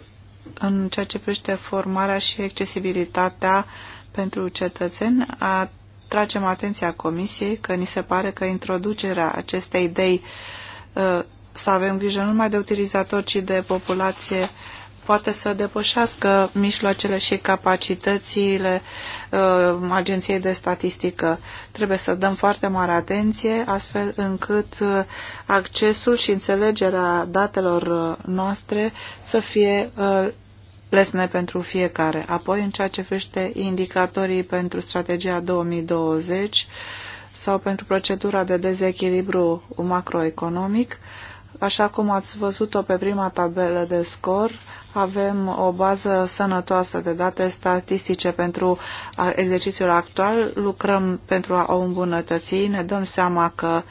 [SPEAKER 1] în ceea ce privește formarea și accesibilitatea pentru cetățeni, atragem atenția Comisiei că ni se pare că introducerea acestei idei uh, să avem grijă nu numai de utilizatori, ci de populație poate să depășească mijloacele și capacitățile uh, Agenției de Statistică. Trebuie să dăm foarte mare atenție astfel încât uh, accesul și înțelegerea datelor uh, noastre să fie uh, plesne pentru fiecare. Apoi, în ceea ce privește indicatorii pentru strategia 2020 sau pentru procedura de dezechilibru macroeconomic, așa cum ați văzut-o pe prima tabelă de scor, avem o bază sănătoasă de date statistice pentru exercițiul actual, lucrăm pentru a o îmbunătăți, ne dăm seama că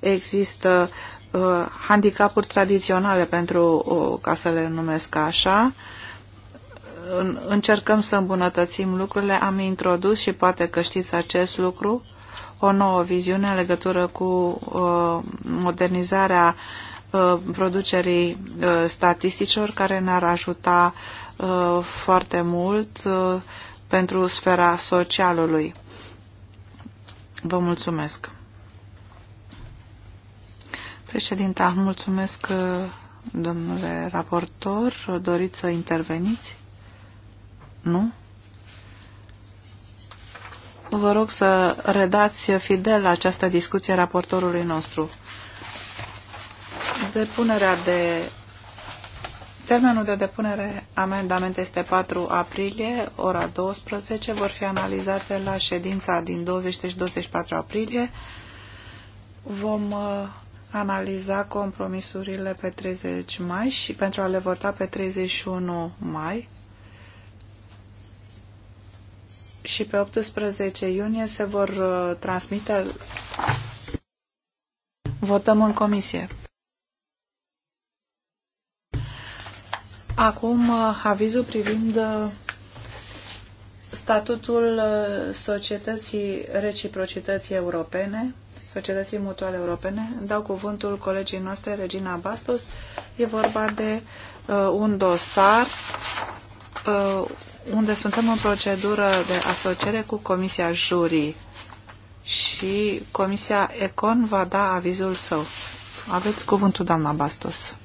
[SPEAKER 1] există uh, handicapuri tradiționale pentru, uh, ca să le numesc așa, uh, încercăm să îmbunătățim lucrurile. Am introdus și poate că știți acest lucru, o nouă viziune în legătură cu uh, modernizarea uh, producerii uh, statisticilor care ne-ar ajuta foarte mult pentru sfera socialului. Vă mulțumesc. Președinta, mulțumesc, domnule raportor. Doriți să interveniți? Nu? Vă rog să redați fidel această discuție raportorului nostru. Depunerea de... Termenul de depunere amendamente este 4 aprilie, ora 12. Vor fi analizate la ședința din 23-24 aprilie. Vom uh, analiza compromisurile pe 30 mai și pentru a le vota pe 31 mai și pe 18 iunie se vor uh, transmite. Votăm în comisie. Acum uh, avizul privind uh, statutul societății reciprocității europene, societății mutuale europene. Dau cuvântul colegii noastre, Regina Bastos. E vorba de uh, un dosar, uh, unde suntem în procedură de asociere cu Comisia Jurii și Comisia Econ va da avizul său. Aveți cuvântul, doamna
[SPEAKER 2] Bastos.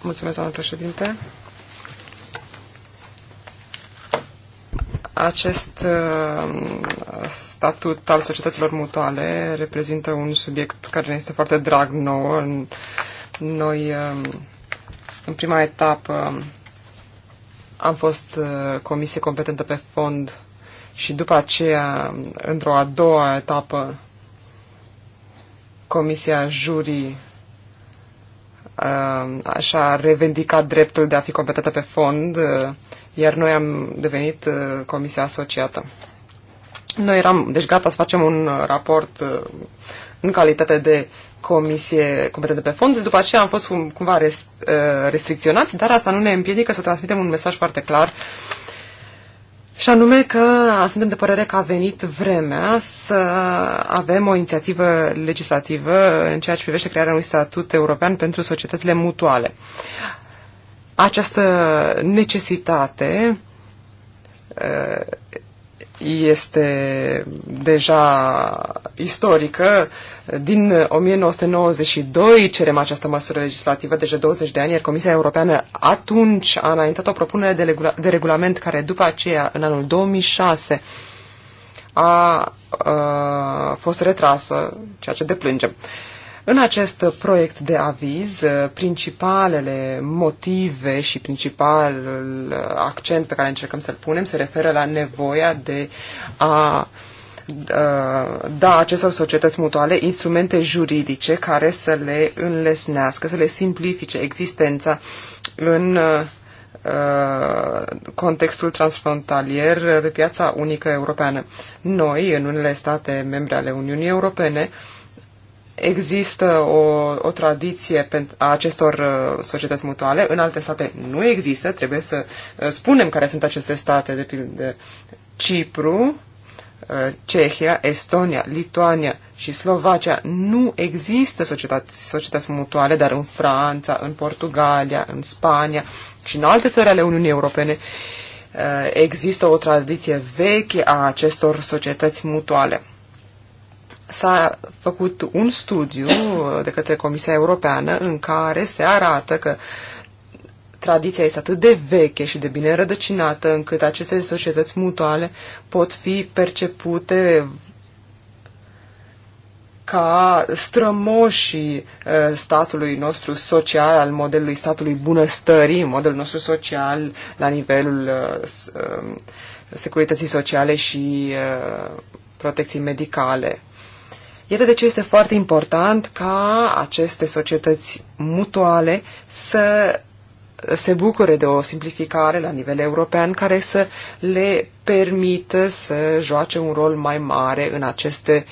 [SPEAKER 2] Mulțumesc, doamna președinte. Acest uh, statut al societăților mutuale reprezintă un subiect care ne este foarte drag nouă. Noi, um, în prima etapă, am fost uh, comisie competentă pe fond și după aceea, într-o a doua etapă, comisia jurii uh, așa revendicat dreptul de a fi competentă pe fond, uh, iar noi am devenit comisia asociată. Noi eram, deci gata să facem un raport în calitate de comisie competentă pe fond. După aceea am fost cumva rest, uh, restricționați, dar asta nu ne împiedică să transmitem un mesaj foarte clar și anume că suntem de părere că a venit vremea să avem o inițiativă legislativă în ceea ce privește crearea unui statut european pentru societățile mutuale. Această necesitate uh, este deja istorică. Din 1992 cerem această măsură legislativă, deja deci 20 de ani, iar Comisia Europeană atunci a înaintat o propunere de, regula- de regulament care după aceea, în anul 2006, a, a fost retrasă, ceea ce deplângem. Uh, în acest proiect de aviz, principalele motive și principalul uh, accent pe care încercăm să-l punem se referă la nevoia de a uh, da acestor societăți mutuale instrumente juridice care să le înlesnească, să le simplifice existența în uh, contextul transfrontalier pe piața unică europeană. Noi, în unele state membre ale Uniunii Europene, uh, există o, o tradiție a acestor uh, societăți mutuale, în alte state nu există, trebuie să uh, spunem care sunt aceste state, de pildă Cipru, uh, Cehia, Estonia, Lituania și Slovacia nu există societăți, societăți mutuale, dar în Franța, în Portugalia, în Spania și în alte țări ale Uniunii Europene există o tradiție veche a acestor societăți mutuale s-a făcut un studiu uh, de către Comisia Europeană în care se arată că tradiția este atât de veche și de bine rădăcinată încât aceste societăți mutuale pot fi percepute ca strămoșii uh, statului nostru social, al modelului statului bunăstării, modelul nostru social la nivelul uh, securității sociale și protecției medicale. Iată de ce este foarte important ca aceste societăți mutuale să se bucure de o simplificare la nivel european care să le permită să joace un rol mai mare în, aceste,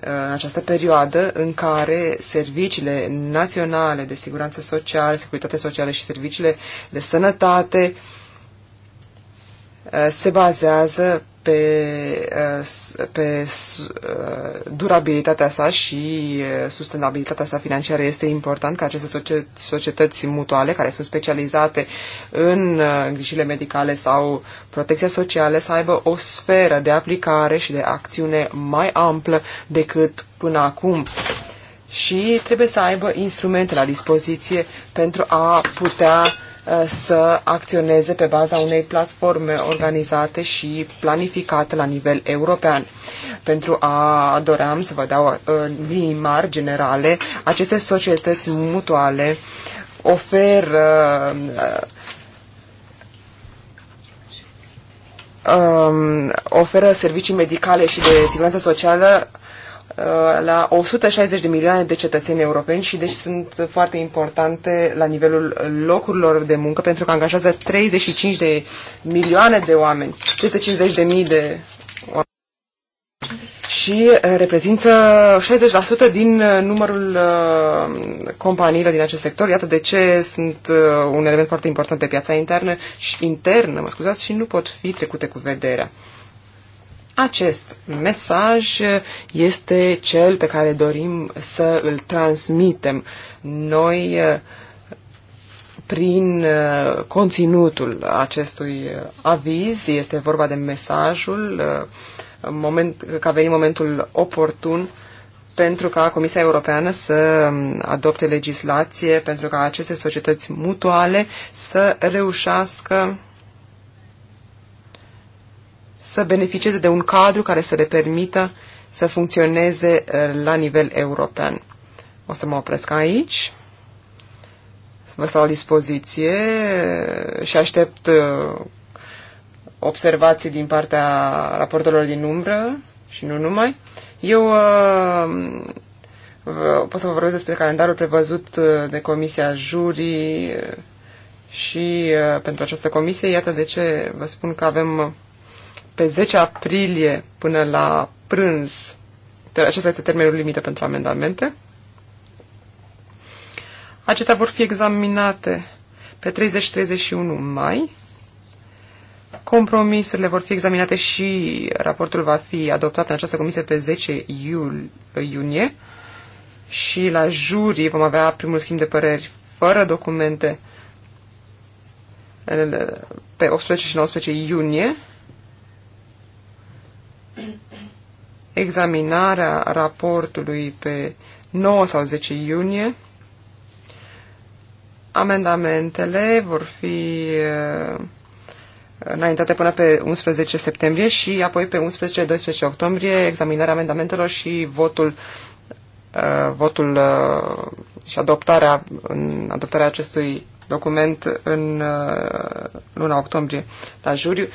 [SPEAKER 2] în această perioadă în care serviciile naționale de siguranță socială, securitate socială și serviciile de sănătate uh, se bazează pe, uh, pe uh, durabilitatea sa și uh, sustenabilitatea sa financiară. Este important ca aceste societăți mutuale care sunt specializate în grijile medicale sau protecția socială să aibă o sferă de aplicare și de acțiune mai amplă decât până acum și trebuie să aibă instrumente la dispoziție pentru a putea să acționeze pe baza unei platforme organizate și planificate la nivel european. Pentru a doream să vă dau uh, linii mari generale, aceste societăți mutuale oferă uh, um, oferă servicii medicale și de siguranță socială Uh, la 160 de milioane de cetățeni europeni și deci sunt foarte importante la nivelul locurilor de muncă pentru că angajează 35 de milioane de oameni, 150 de mii de oameni și uh, reprezintă 60% din uh, numărul companiilor din acest sector. Iată de ce sunt un element foarte important pe piața internă și internă, mă scuzați, și nu pot fi trecute cu vederea. Acest mesaj este cel pe care dorim să îl transmitem noi eh, prin eh, conținutul acestui eh, aviz. Este vorba de mesajul moment, că a venit momentul oportun pentru ca Comisia Europeană să mm, adopte legislație pentru ca aceste societăți mutuale să reușească să beneficieze de un cadru care să le permită să funcționeze eh, la nivel european. O să mă opresc aici. Vă stau la dispoziție eh, și aștept eh, observații din partea raportelor din umbră și nu numai. Eu pot să vă vorbesc despre calendarul prevăzut de Comisia Jurii și pentru această comisie. Iată de ce vă spun că avem pe 10 aprilie până la prânz. Acesta este termenul limită pentru amendamente. Acestea vor fi examinate pe 30-31 mai. Compromisurile vor fi examinate și raportul va fi adoptat în această comisie pe 10 iul, iunie și la jurii vom avea primul schimb de păreri fără documente pe 18 și 19 iunie examinarea raportului pe 9 sau 10 iunie. Amendamentele vor fi eh, înaintate până pe 11 septembrie și apoi pe 11-12 octombrie examinarea amendamentelor și votul eh, votul eh, și adoptarea, în, adoptarea acestui document în luna octombrie la juriu.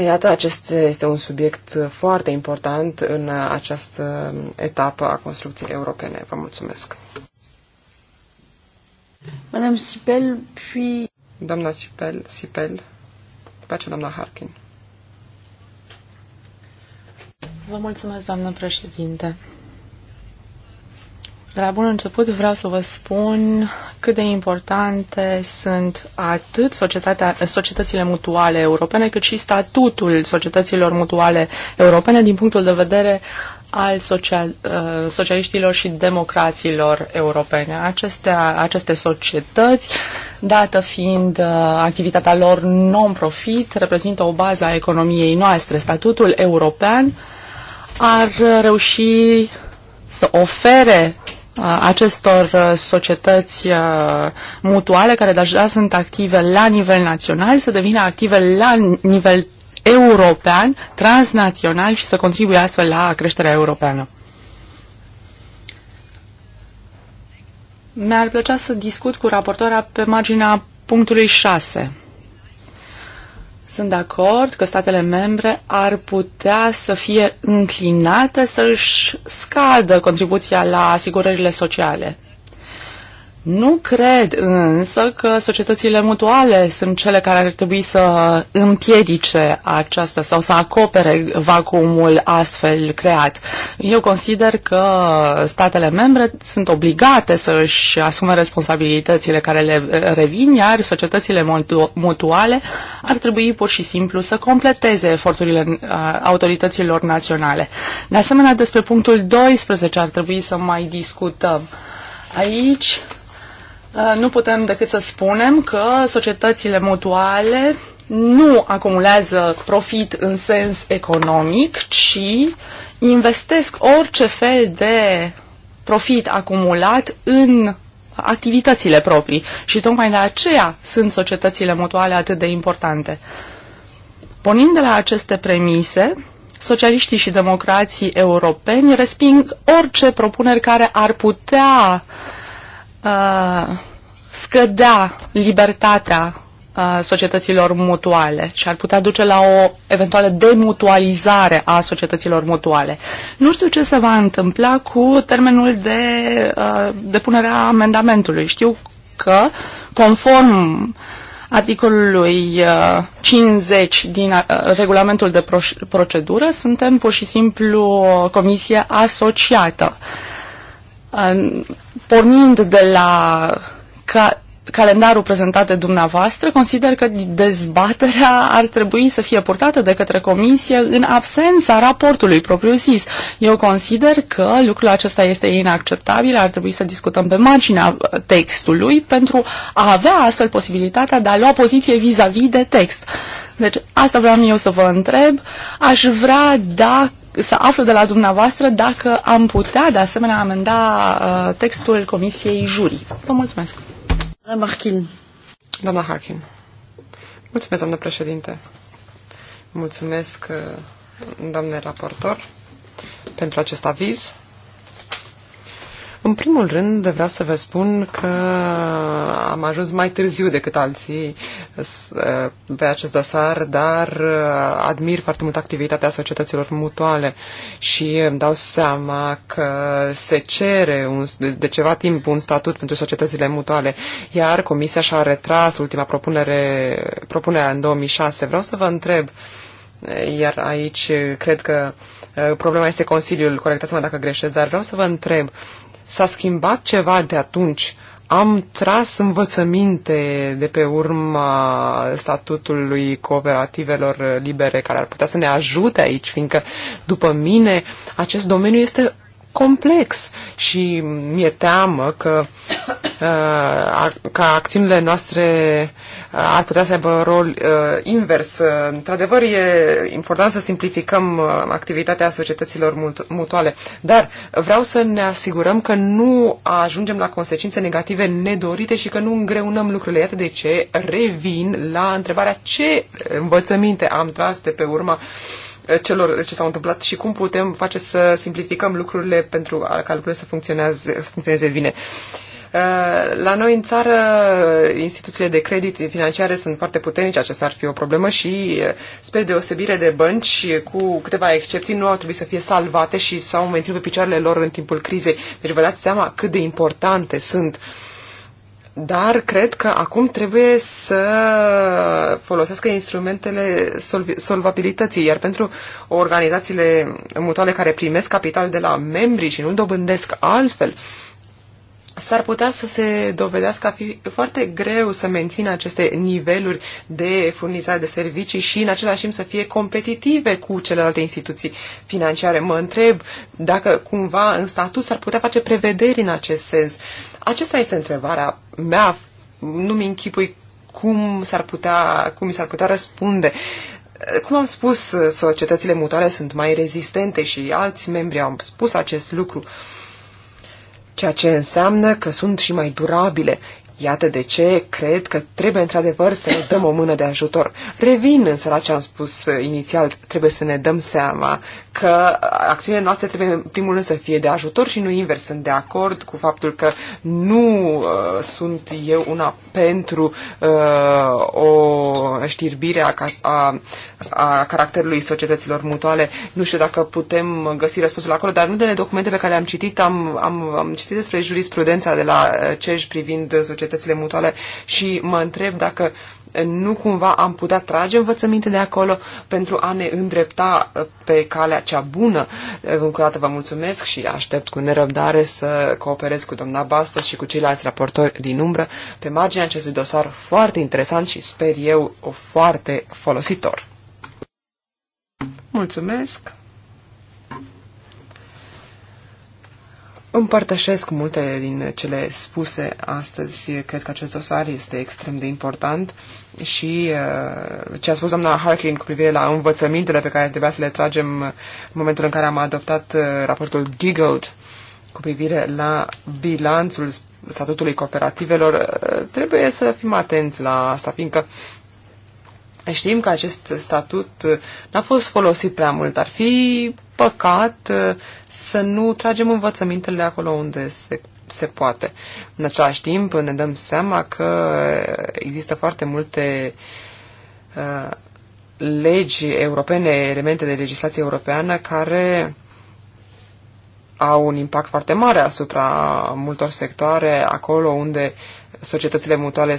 [SPEAKER 2] Iată, acest este un subiect foarte important în această etapă a construcției europene. Vă mulțumesc. Madame Sipel, puis... Doamna Sipel, Sipel, după aceea doamna Harkin.
[SPEAKER 3] Vă mulțumesc, doamnă președinte. De la bun început vreau să vă spun cât de importante sunt atât societatea, societățile mutuale europene, cât și statutul societăților mutuale europene din punctul de vedere al social, uh, socialiștilor și democraților europene. Acestea, aceste societăți, dată fiind uh, activitatea lor non-profit, reprezintă o bază a economiei noastre. Statutul european ar reuși să ofere acestor societăți mutuale care deja sunt active la nivel național să devină active la nivel european, transnațional și să contribuie astfel la creșterea europeană. Mi-ar plăcea să discut cu raportoarea pe marginea punctului 6. Sunt de acord că statele membre ar putea să fie înclinate să își scadă contribuția la asigurările sociale. Nu cred însă că societățile mutuale sunt cele care ar trebui să împiedice aceasta sau să acopere vacuumul astfel creat. Eu consider că statele membre sunt obligate să își asume responsabilitățile care le revin, iar societățile mutuale ar trebui pur și simplu să completeze eforturile uh, autorităților naționale. De asemenea, despre punctul 12 ar trebui să mai discutăm. Aici Uh, nu putem decât să spunem că societățile mutuale nu acumulează profit în sens economic, ci investesc orice fel de profit acumulat în activitățile proprii și tocmai de aceea sunt societățile mutuale atât de importante. Pornind de la aceste premise, socialiștii și democrații europeni resping orice propuneri care ar putea uh, uh, scădea libertatea uh, societăților mutuale și ar putea duce la o eventuală demutualizare a societăților mutuale. Nu știu ce se va întâmpla cu termenul de uh, depunerea amendamentului. Știu că, conform articolului 50 uh, din uh, regulamentul de procedură, suntem pur și simplu o comisie asociată pornind de la ca calendarul prezentat de dumneavoastră, consider că dezbaterea ar trebui să fie purtată de către comisie în absența raportului propriu-zis. Eu consider că lucrul acesta este inacceptabil, ar trebui să discutăm pe marginea textului pentru a avea astfel posibilitatea de a lua poziție vis-a-vis -vis de text. Deci asta vreau eu să vă întreb. Aș vrea dacă să aflu de la dumneavoastră dacă am putea de asemenea amenda uh, textul Comisiei Jurii. Vă mulțumesc.
[SPEAKER 2] Doamna Harkin. Doamna Harkin. Mulțumesc, doamnă președinte. Mulțumesc, uh, doamne raportor, pentru acest aviz. În primul rând, vreau să vă spun că am ajuns mai târziu decât alții uh, pe acest dosar, dar uh, admir foarte mult activitatea societăților mutuale și îmi dau seama că se cere un, de, de ceva timp un statut pentru societățile mutuale, iar Comisia și-a retras ultima propunere, propunerea în 2006. Vreau să vă întreb, uh, iar aici cred că problema este Consiliul, corectați-mă dacă greșesc, dar vreau să vă întreb, S-a schimbat ceva de atunci? Am tras învățăminte de pe urma statutului cooperativelor libere care ar putea să ne ajute aici, fiindcă, după mine, acest domeniu este complex și mi-e teamă că, uh, că acțiunile noastre uh, ar putea să aibă rol uh, invers. Într-adevăr, e important să simplificăm activitatea societăților mutuale, dar vreau să ne asigurăm că nu ajungem la consecințe negative nedorite și că nu îngreunăm lucrurile. Iată de ce revin la întrebarea ce învățăminte am tras de pe urma uh, Eh, celor eh, ce s-au întâmplat și cum putem face să simplificăm lucrurile pentru ca lucrurile să funcționeze, să funcționeze bine. Eh, la noi în țară instituțiile de credit financiare sunt foarte puternice, aceasta ar fi o problemă și spre deosebire de bănci, cu câteva excepții, nu au trebuit să fie salvate și s-au menținut pe picioarele lor în timpul crizei. Deci vă dați seama cât de importante sunt uh, dar cred că acum trebuie să folosească instrumentele solv- solvabilității, iar pentru organizațiile mutuale care primesc capital de la membri și nu dobândesc altfel, uh, s-ar putea să se dovedească a fi foarte greu să mențină aceste niveluri de furnizare de servicii și în același timp să fie competitive cu celelalte instituții financiare. Mă întreb dacă cumva în statut s-ar putea face prevederi în acest sens. Acesta este întrebarea mea. Nu-mi închipui cum s-ar putea, cum mi s-ar putea răspunde. Cum am spus, societățile mutare sunt mai rezistente și alți membri au spus acest lucru. Uh, ceea ce înseamnă că sunt și mai durabile. Iată de ce cred că trebuie într-adevăr să ne dăm o mână de ajutor. Revin însă la ce am spus uh, inițial, trebuie să ne dăm seama că acțiunile noastre trebuie în primul rând să fie de ajutor și nu invers. Sunt de acord cu faptul că nu uh, sunt eu una pentru uh, o știrbire a, a, a caracterului societăților mutuale. Nu știu dacă putem găsi răspunsul acolo, dar nu de documente pe care le-am citit. Am, am, am citit despre jurisprudența de la CEJ privind societățile mutuale și mă întreb dacă uh, nu cumva am putea trage învățăminte de acolo pentru a ne îndrepta uh, pe calea cea bună. Încă o dată vă mulțumesc și aștept cu nerăbdare să cooperez cu doamna Bastos și cu ceilalți raportori din umbră pe marginea acestui dosar foarte interesant și sper eu o foarte folositor. Mulțumesc! Împărtășesc multe din cele spuse astăzi. Cred că acest dosar este extrem de important și uh, ce a spus doamna Harkin cu privire la învățămintele pe care trebuia să le tragem în momentul în care am adoptat uh, raportul Giggled cu privire la bilanțul statutului cooperativelor, uh, trebuie să fim atenți la asta, fiindcă știm că acest statut n-a fost folosit prea mult. Ar fi păcat uh, să nu tragem învățămintele acolo unde se, se poate. În același timp ne dăm seama că există foarte multe uh, legi europene, elemente de legislație europeană care au un impact foarte mare asupra multor sectoare, acolo unde societățile mutuale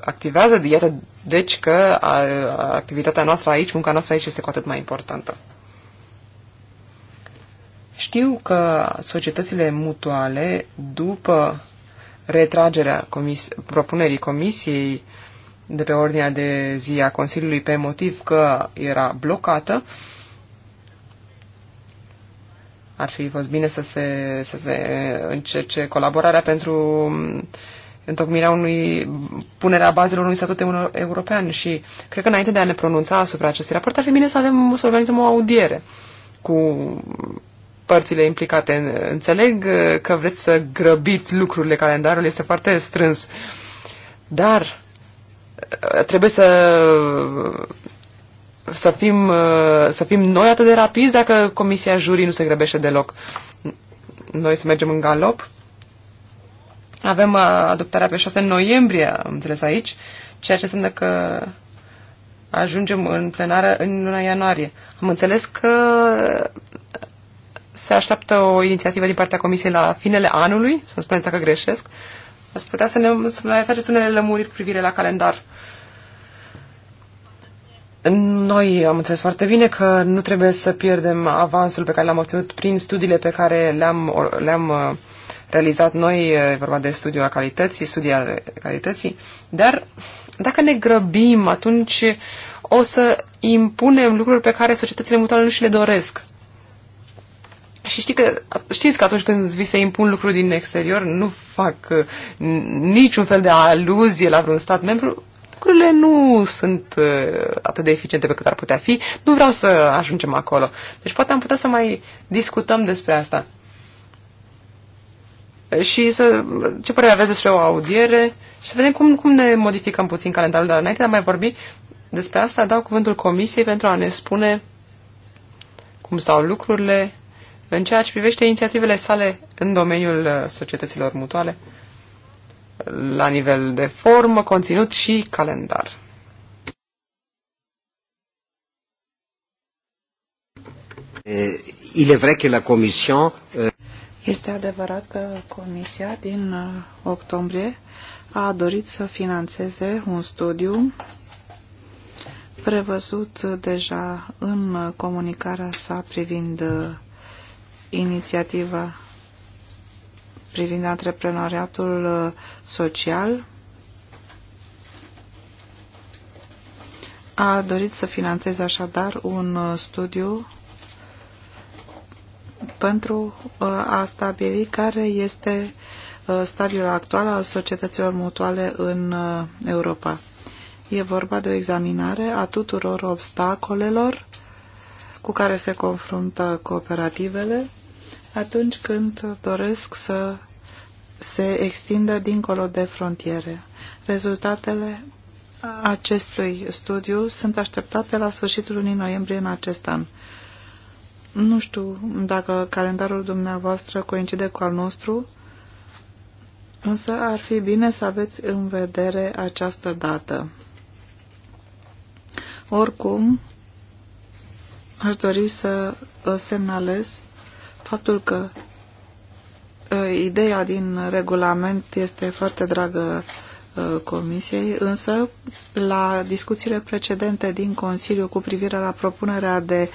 [SPEAKER 2] activează. Iată, deci că uh, activitatea noastră aici, munca noastră aici este cu atât mai importantă. Știu că societățile mutuale, după retragerea comis- propunerii comisiei de pe ordinea de zi a Consiliului pe motiv că era blocată, ar fi fost bine să se, să se încerce colaborarea pentru întocmirea unui, punerea bazelor unui statut european și cred că înainte de a ne pronunța asupra acestui raport ar fi bine să avem, să organizăm o audiere cu părțile implicate. Înțeleg uh, că vreți să grăbiți lucrurile, calendarul este foarte strâns, dar uh, trebuie să să fim, uh, să fim noi atât de rapizi dacă comisia jurii nu se grăbește deloc. Noi să mergem în galop. Avem adoptarea pe 6 noiembrie, am înțeles aici, ceea ce înseamnă că ajungem în plenară în luna ianuarie. Am înțeles că se așteaptă o inițiativă din partea Comisiei la finele anului, să nu spuneți dacă greșesc. Ați putea să ne, să ne faceți unele lămuriri privire la calendar. Noi am înțeles foarte bine că nu trebuie să pierdem avansul pe care l-am obținut prin studiile pe care le-am, le-am uh, realizat noi, uh, e vorba de studiu a calității, studia calității, dar dacă ne grăbim, atunci o să impunem lucruri pe care societățile mutuale nu și le doresc. Și știi că, știți că atunci când vi se impun lucruri din exterior, nu fac uh, niciun fel de aluzie la vreun stat membru, lucrurile nu sunt uh, atât de eficiente pe cât ar putea fi. Nu vreau să ajungem acolo. Deci poate am putea să mai discutăm despre asta. Uh, și să, ce părere aveți despre o audiere și să vedem cum, cum ne modificăm puțin calendarul. Dar înainte de a mai vorbi despre asta, dau cuvântul comisiei pentru a ne spune cum stau lucrurile în ceea ce privește inițiativele sale în domeniul uh, societăților mutuale, la nivel de formă, conținut și calendar. Eh, eh,
[SPEAKER 1] este adevărat că Comisia din uh, octombrie a dorit să financeze un studiu prevăzut deja în uh, comunicarea sa privind inițiativă privind antreprenoriatul uh, social a dorit să financeze așadar un uh, studiu pentru uh, a stabili care este stadiul actual al societăților mutuale în Europa. E vorba de o examinare a tuturor obstacolelor cu care se confruntă cooperativele atunci când doresc să se extindă dincolo de frontiere. Rezultatele acestui studiu sunt așteptate la sfârșitul lunii noiembrie în acest an. Nu știu dacă calendarul dumneavoastră coincide cu al nostru, însă ar fi bine să aveți în vedere această dată. Oricum, aș dori să semnalez faptul că ă, ideea din regulament este foarte dragă ă, Comisiei, însă la discuțiile precedente din Consiliu cu privire la propunerea de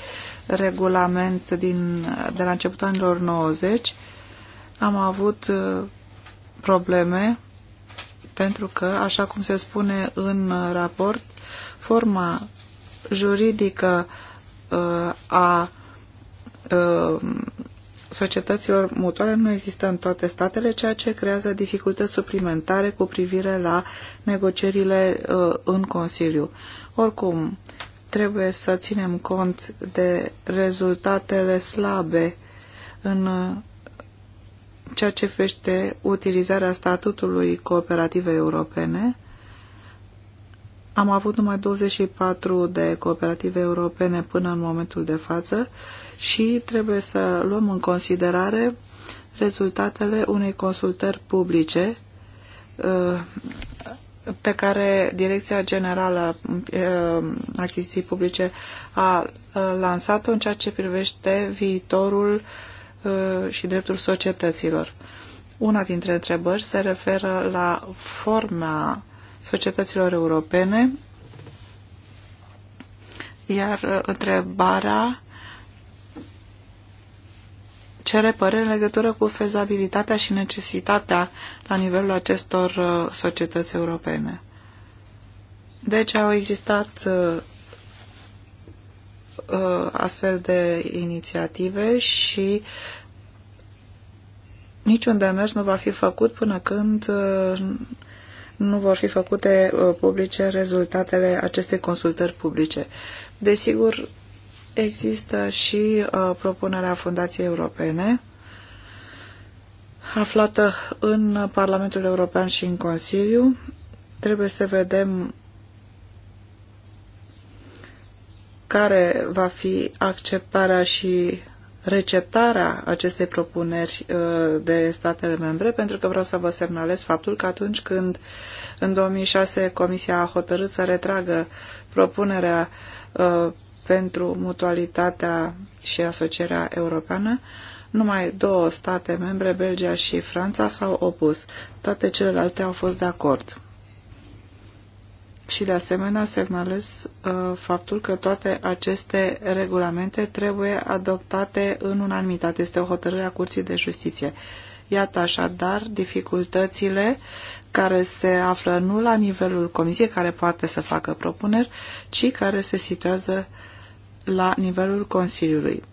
[SPEAKER 1] regulament din, de la începutul anilor 90 am avut ă, probleme pentru că, așa cum se spune în raport, forma juridică a societăților mutuale nu există în toate statele, ceea ce creează dificultăți suplimentare cu privire la negocierile uh, în Consiliu. Oricum, trebuie să ținem cont de rezultatele slabe în uh, ceea ce privește utilizarea statutului cooperative europene. Am avut numai 24 de cooperative europene până în momentul de față și trebuie să luăm în considerare rezultatele unei consultări publice uh, pe care Direcția Generală uh, Achiziții Publice a uh, lansat-o în ceea ce privește viitorul și dreptul societăților. Una dintre întrebări se referă la forma societăților europene, iar întrebarea cere părere în legătură cu fezabilitatea și necesitatea la nivelul acestor uh, societăți europene. Deci au existat uh, uh, astfel de inițiative și niciun demers nu va fi făcut până când nu vor fi făcute publice rezultatele acestei consultări publice. Desigur, Există și uh, propunerea Fundației Europene aflată în Parlamentul European și în Consiliu. Trebuie să vedem care va fi acceptarea și receptarea acestei propuneri uh, de statele membre, pentru că vreau să vă semnalez faptul că atunci când în 2006 Comisia a hotărât să retragă propunerea uh, pentru mutualitatea și asocierea europeană, numai două state membre, Belgia și Franța, s-au opus. Toate celelalte au fost de acord. Și de asemenea semnalez uh, faptul că toate aceste regulamente trebuie adoptate în unanimitate. Este o hotărâre a Curții de Justiție. Iată așadar dificultățile care se află nu la nivelul comisiei care poate să facă propuneri, ci care se situează uh, la nivelul Consiliului.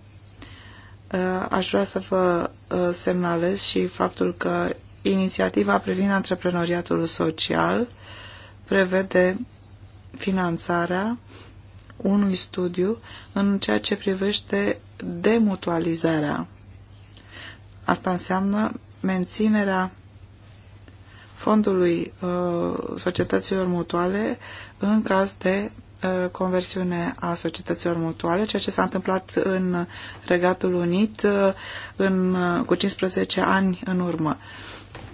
[SPEAKER 1] Uh, aș vrea să vă uh, semnalez și faptul că inițiativa privind antreprenoriatul social prevede finanțarea unui studiu în ceea ce privește demutualizarea. Asta înseamnă menținerea fondului uh, societăților mutuale în caz de Uh, conversiune a societăților mutuale, ceea ce s-a întâmplat în Regatul Unit uh, în, uh, cu 15 ani în urmă.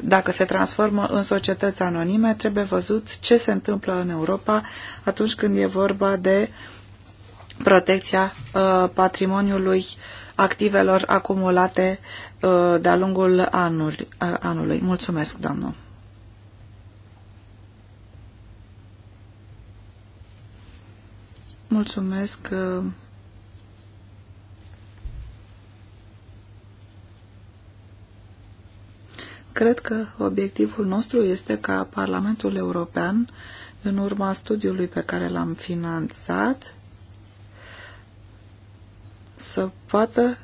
[SPEAKER 1] Dacă se transformă în societăți anonime, trebuie văzut ce se întâmplă în Europa atunci când e vorba de protecția uh, patrimoniului activelor acumulate uh, de-a lungul anului. Uh, anului. Mulțumesc, doamnă. Mulțumesc. Cred că obiectivul nostru este ca Parlamentul European, în urma studiului pe care l-am finanțat, să poată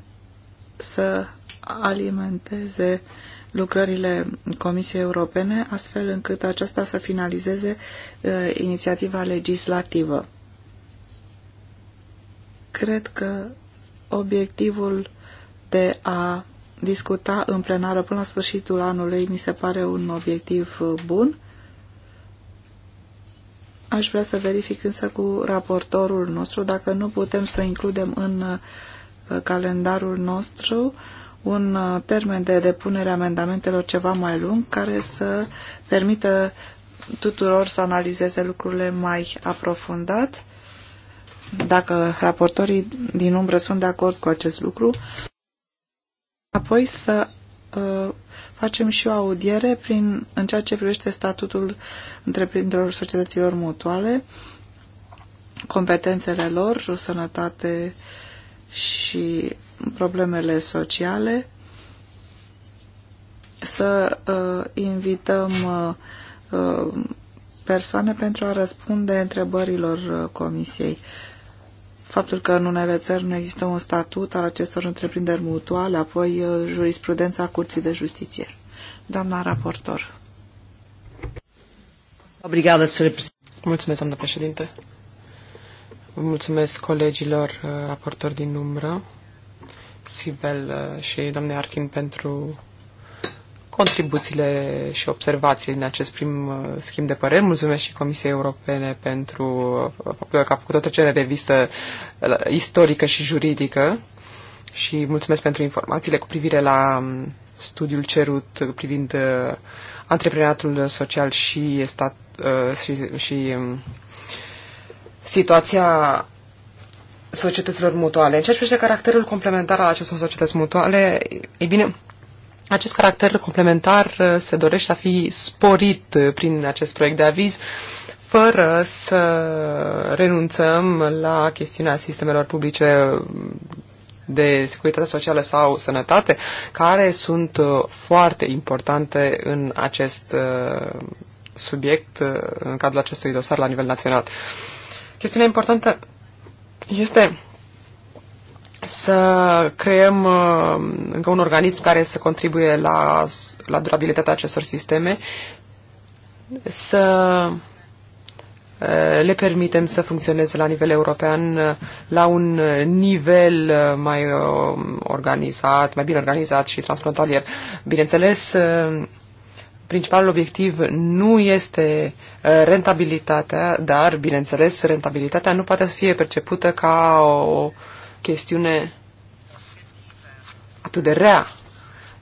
[SPEAKER 1] să alimenteze lucrările Comisiei Europene, astfel încât aceasta să finalizeze uh, inițiativa legislativă. Cred că obiectivul de a discuta în plenară până la sfârșitul anului mi se pare un obiectiv uh, bun. Aș vrea să verific însă cu raportorul nostru dacă nu putem să includem în uh, calendarul nostru un uh, termen de depunere a amendamentelor ceva mai lung care să permită tuturor să analizeze lucrurile mai aprofundat dacă raportorii din umbră sunt de acord cu acest lucru, apoi să uh, facem și o audiere prin, în ceea ce privește statutul întreprinderilor societăților mutuale, competențele lor, sănătate și problemele sociale, să uh, invităm uh, uh persoane pentru a răspunde întrebărilor uh, comisiei. Uh, faptul că în unele țări nu există un statut al acestor întreprinderi mutuale, apoi uh, jurisprudența Curții de Justiție. Doamna raportor.
[SPEAKER 2] Obrigada, Mulțumesc, doamna președinte. Mulțumesc colegilor uh, raportori din umbră, Sibel uh, și doamne Arkin pentru contribuțiile și observațiile din acest prim uh, schimb de păreri. Mulțumesc și Comisiei Europene pentru uh, faptul că a făcut o trecere revistă istorică și juridică și mulțumesc pentru informațiile cu privire la um, studiul cerut privind uh, antreprenatul social și, stat, și, și um, situația societăților mutuale. În ceea ce privește caracterul complementar al acestor societăți mutuale, e bine, acest caracter complementar uh, se dorește a fi sporit uh, prin acest proiect de aviz, fără să renunțăm la chestiunea sistemelor publice uh, de securitate socială sau sănătate, care sunt foarte importante în acest subiect, în cadrul acestui dosar la nivel național. Chestiunea importantă este să creăm uh, încă un organism care să contribuie la, la durabilitatea acestor sisteme, să uh, le permitem să funcționeze la nivel european uh, la un nivel mai organizat, mai bine organizat și transfrontalier. Bineînțeles, principalul obiectiv nu este rentabilitatea, dar, bineînțeles, rentabilitatea nu poate să fie percepută ca o, chestiune atât de rea.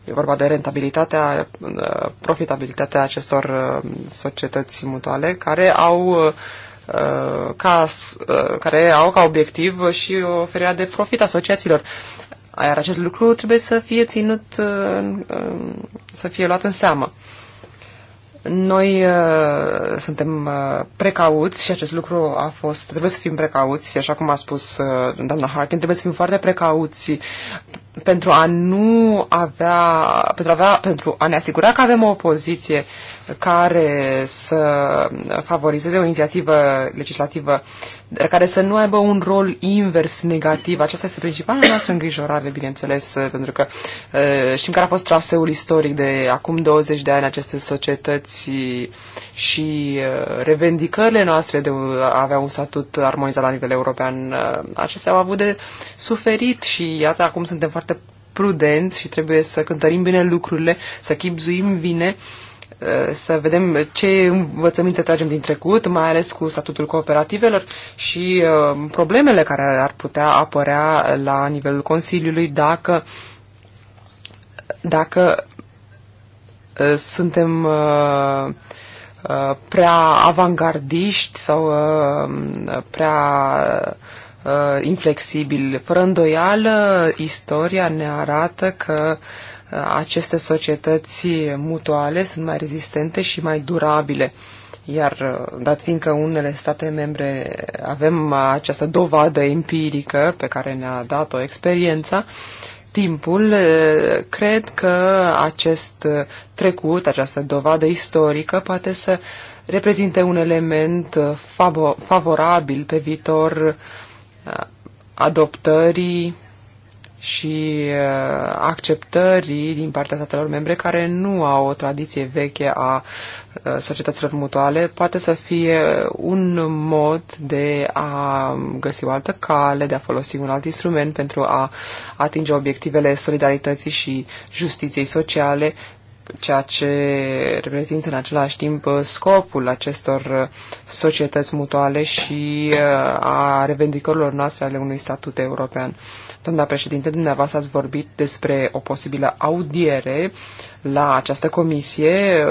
[SPEAKER 2] E vorba de rentabilitatea, uh, profitabilitatea acestor uh, societăți mutuale care au uh, ca, care au ca obiectiv și oferirea de profit asociațiilor. Iar acest lucru trebuie să fie ținut, să fie luat în seamă. Noi uh, suntem uh, precauți și acest lucru a fost, trebuie să fim precauți, așa cum a spus uh, doamna Harkin, trebuie să fim foarte precauți pentru a nu avea, pentru a, avea, pentru a ne asigura că avem o opoziție care să favorizeze o inițiativă legislativă care să nu aibă un rol invers negativ. Aceasta este principala noastră îngrijorare, bineînțeles, pentru că uh, știm care a fost traseul istoric de acum 20 de ani aceste societăți și uh, revendicările noastre de a avea un statut armonizat la nivel european, uh, acestea au avut de suferit și iată, acum suntem foarte foarte prudenți și trebuie să cântărim bine lucrurile, să chipzuim bine, uh, să vedem ce învățăminte tragem din trecut, mai ales cu statutul cooperativelor și uh, problemele care ar putea apărea la nivelul Consiliului dacă, dacă uh, suntem prea avangardiști sau prea uh, inflexibil. Fără îndoială, istoria ne arată că uh, aceste societăți mutuale sunt mai rezistente și mai durabile. Iar uh, dat fiindcă unele state membre avem uh, această dovadă empirică pe care ne-a dat-o experiența, timpul, uh, cred că acest trecut, această dovadă istorică poate să reprezinte un element favorabil pe viitor adoptării și uh, acceptării din partea statelor membre care nu au o tradiție veche a uh, societăților mutuale poate să fie un mod de a găsi o altă cale, de a folosi un alt instrument pentru a atinge obiectivele solidarității și justiției sociale ceea ce reprezintă în același timp uh, scopul acestor uh, societăți mutuale și uh, a revendicărilor noastre ale unui statut european. Doamna președinte, dumneavoastră ați vorbit despre o posibilă audiere uh, la această comisie.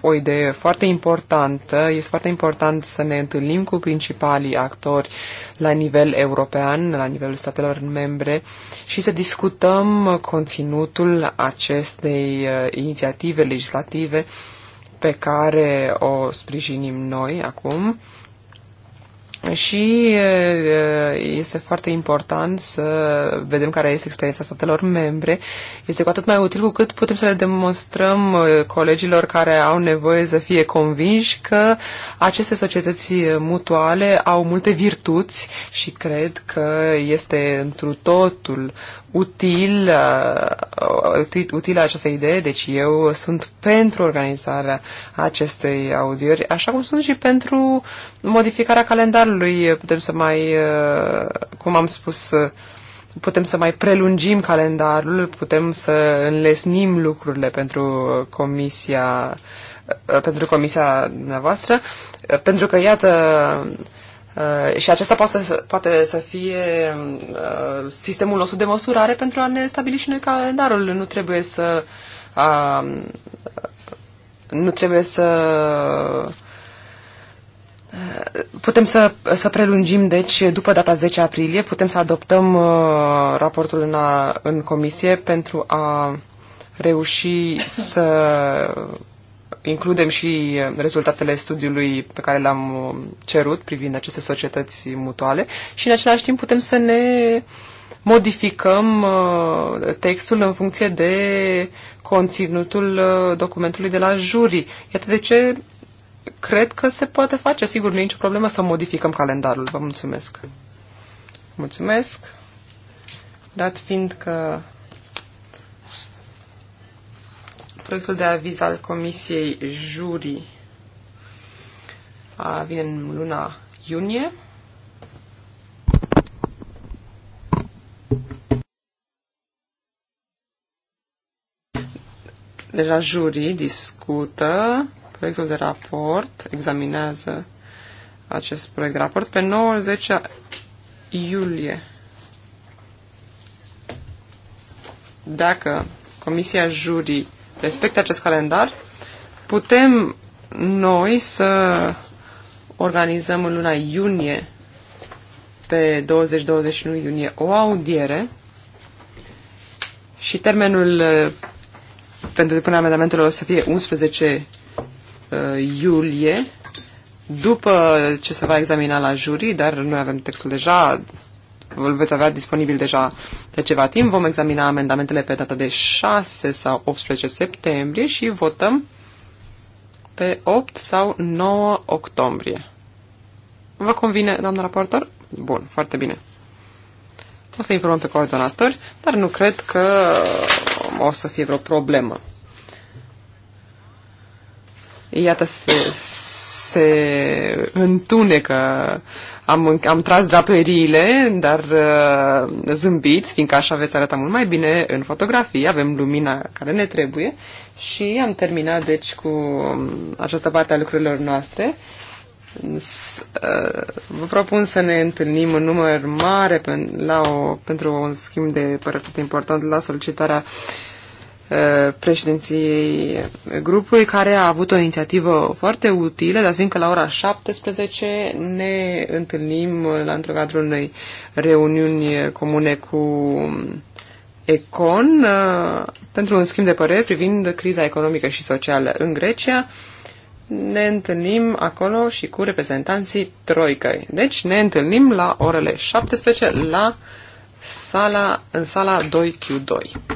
[SPEAKER 2] O idee foarte importantă. Este foarte important să ne întâlnim cu principalii actori la nivel european, la nivelul statelor membre și să discutăm conținutul acestei uh, inițiative legislative pe care o sprijinim noi acum și este foarte important să vedem care este experiența statelor membre. Este cu atât mai util cu cât putem să le demonstrăm colegilor care au nevoie să fie convinși că aceste societăți mutuale au multe virtuți și cred că este întru totul util, util, utilă această idee, deci eu sunt pentru organizarea acestei audieri, așa cum sunt și pentru modificarea calendarului Consiliului putem să mai, uh, cum am spus, uh, putem să mai prelungim calendarul, putem să înlesnim lucrurile pentru comisia uh, pentru comisia noastră, pentru că, iată, și acesta poate să, poate să fie sistemul nostru de măsurare pentru a ne stabili și noi calendarul. Nu trebuie să a, nu trebuie să Putem să, să prelungim, deci, după data 10 aprilie, putem să adoptăm uh, raportul în, a, în comisie pentru a reuși să includem și rezultatele studiului pe care l-am uh, cerut privind aceste societăți mutuale și, în același timp, putem să ne modificăm uh, textul în funcție de conținutul uh, documentului de la juri. Iată de ce cred că se poate face. Sigur, nu e nicio problemă să modificăm calendarul. Vă mulțumesc. Mulțumesc. Dat fiind că proiectul de aviz al Comisiei Jurii a, vine în luna iunie. Deja jurii discută proiectul de raport, examinează acest proiect de raport pe 90 iulie. Dacă Comisia Jurii respectă acest calendar, putem noi să organizăm în luna iunie, pe 20-21 iunie, o audiere și termenul uh, pentru depunerea amendamentelor o să fie 11 Uh, iulie, după ce se va examina la jury, dar noi avem textul deja, îl veți avea disponibil deja de ceva timp. Vom examina amendamentele pe data de 6 sau 18 septembrie și votăm pe 8 sau 9 octombrie. Vă convine, doamnă raportor? Bun, foarte bine. O să informăm pe coordonatori, dar nu cred că o să fie vreo problemă iată, se, se întunecă. Am, am tras draperiile, dar uh, zâmbiți, fiindcă așa veți arăta mult mai bine în fotografii. Avem lumina care ne trebuie și am terminat, deci, cu um, această parte a lucrurilor noastre. S uh, vă propun să ne întâlnim în număr mare pen, la o, pentru un schimb de păreri important la solicitarea uh, Uh, președinției grupului, care a avut o inițiativă foarte utilă, dar fiindcă la ora 17 ne întâlnim la într cadrul unei reuniuni comune cu Econ uh, pentru un schimb de păreri privind criza economică și socială în Grecia. Ne întâlnim acolo și cu reprezentanții Troicăi. Deci ne întâlnim la orele 17 la sala, în sala 2Q2.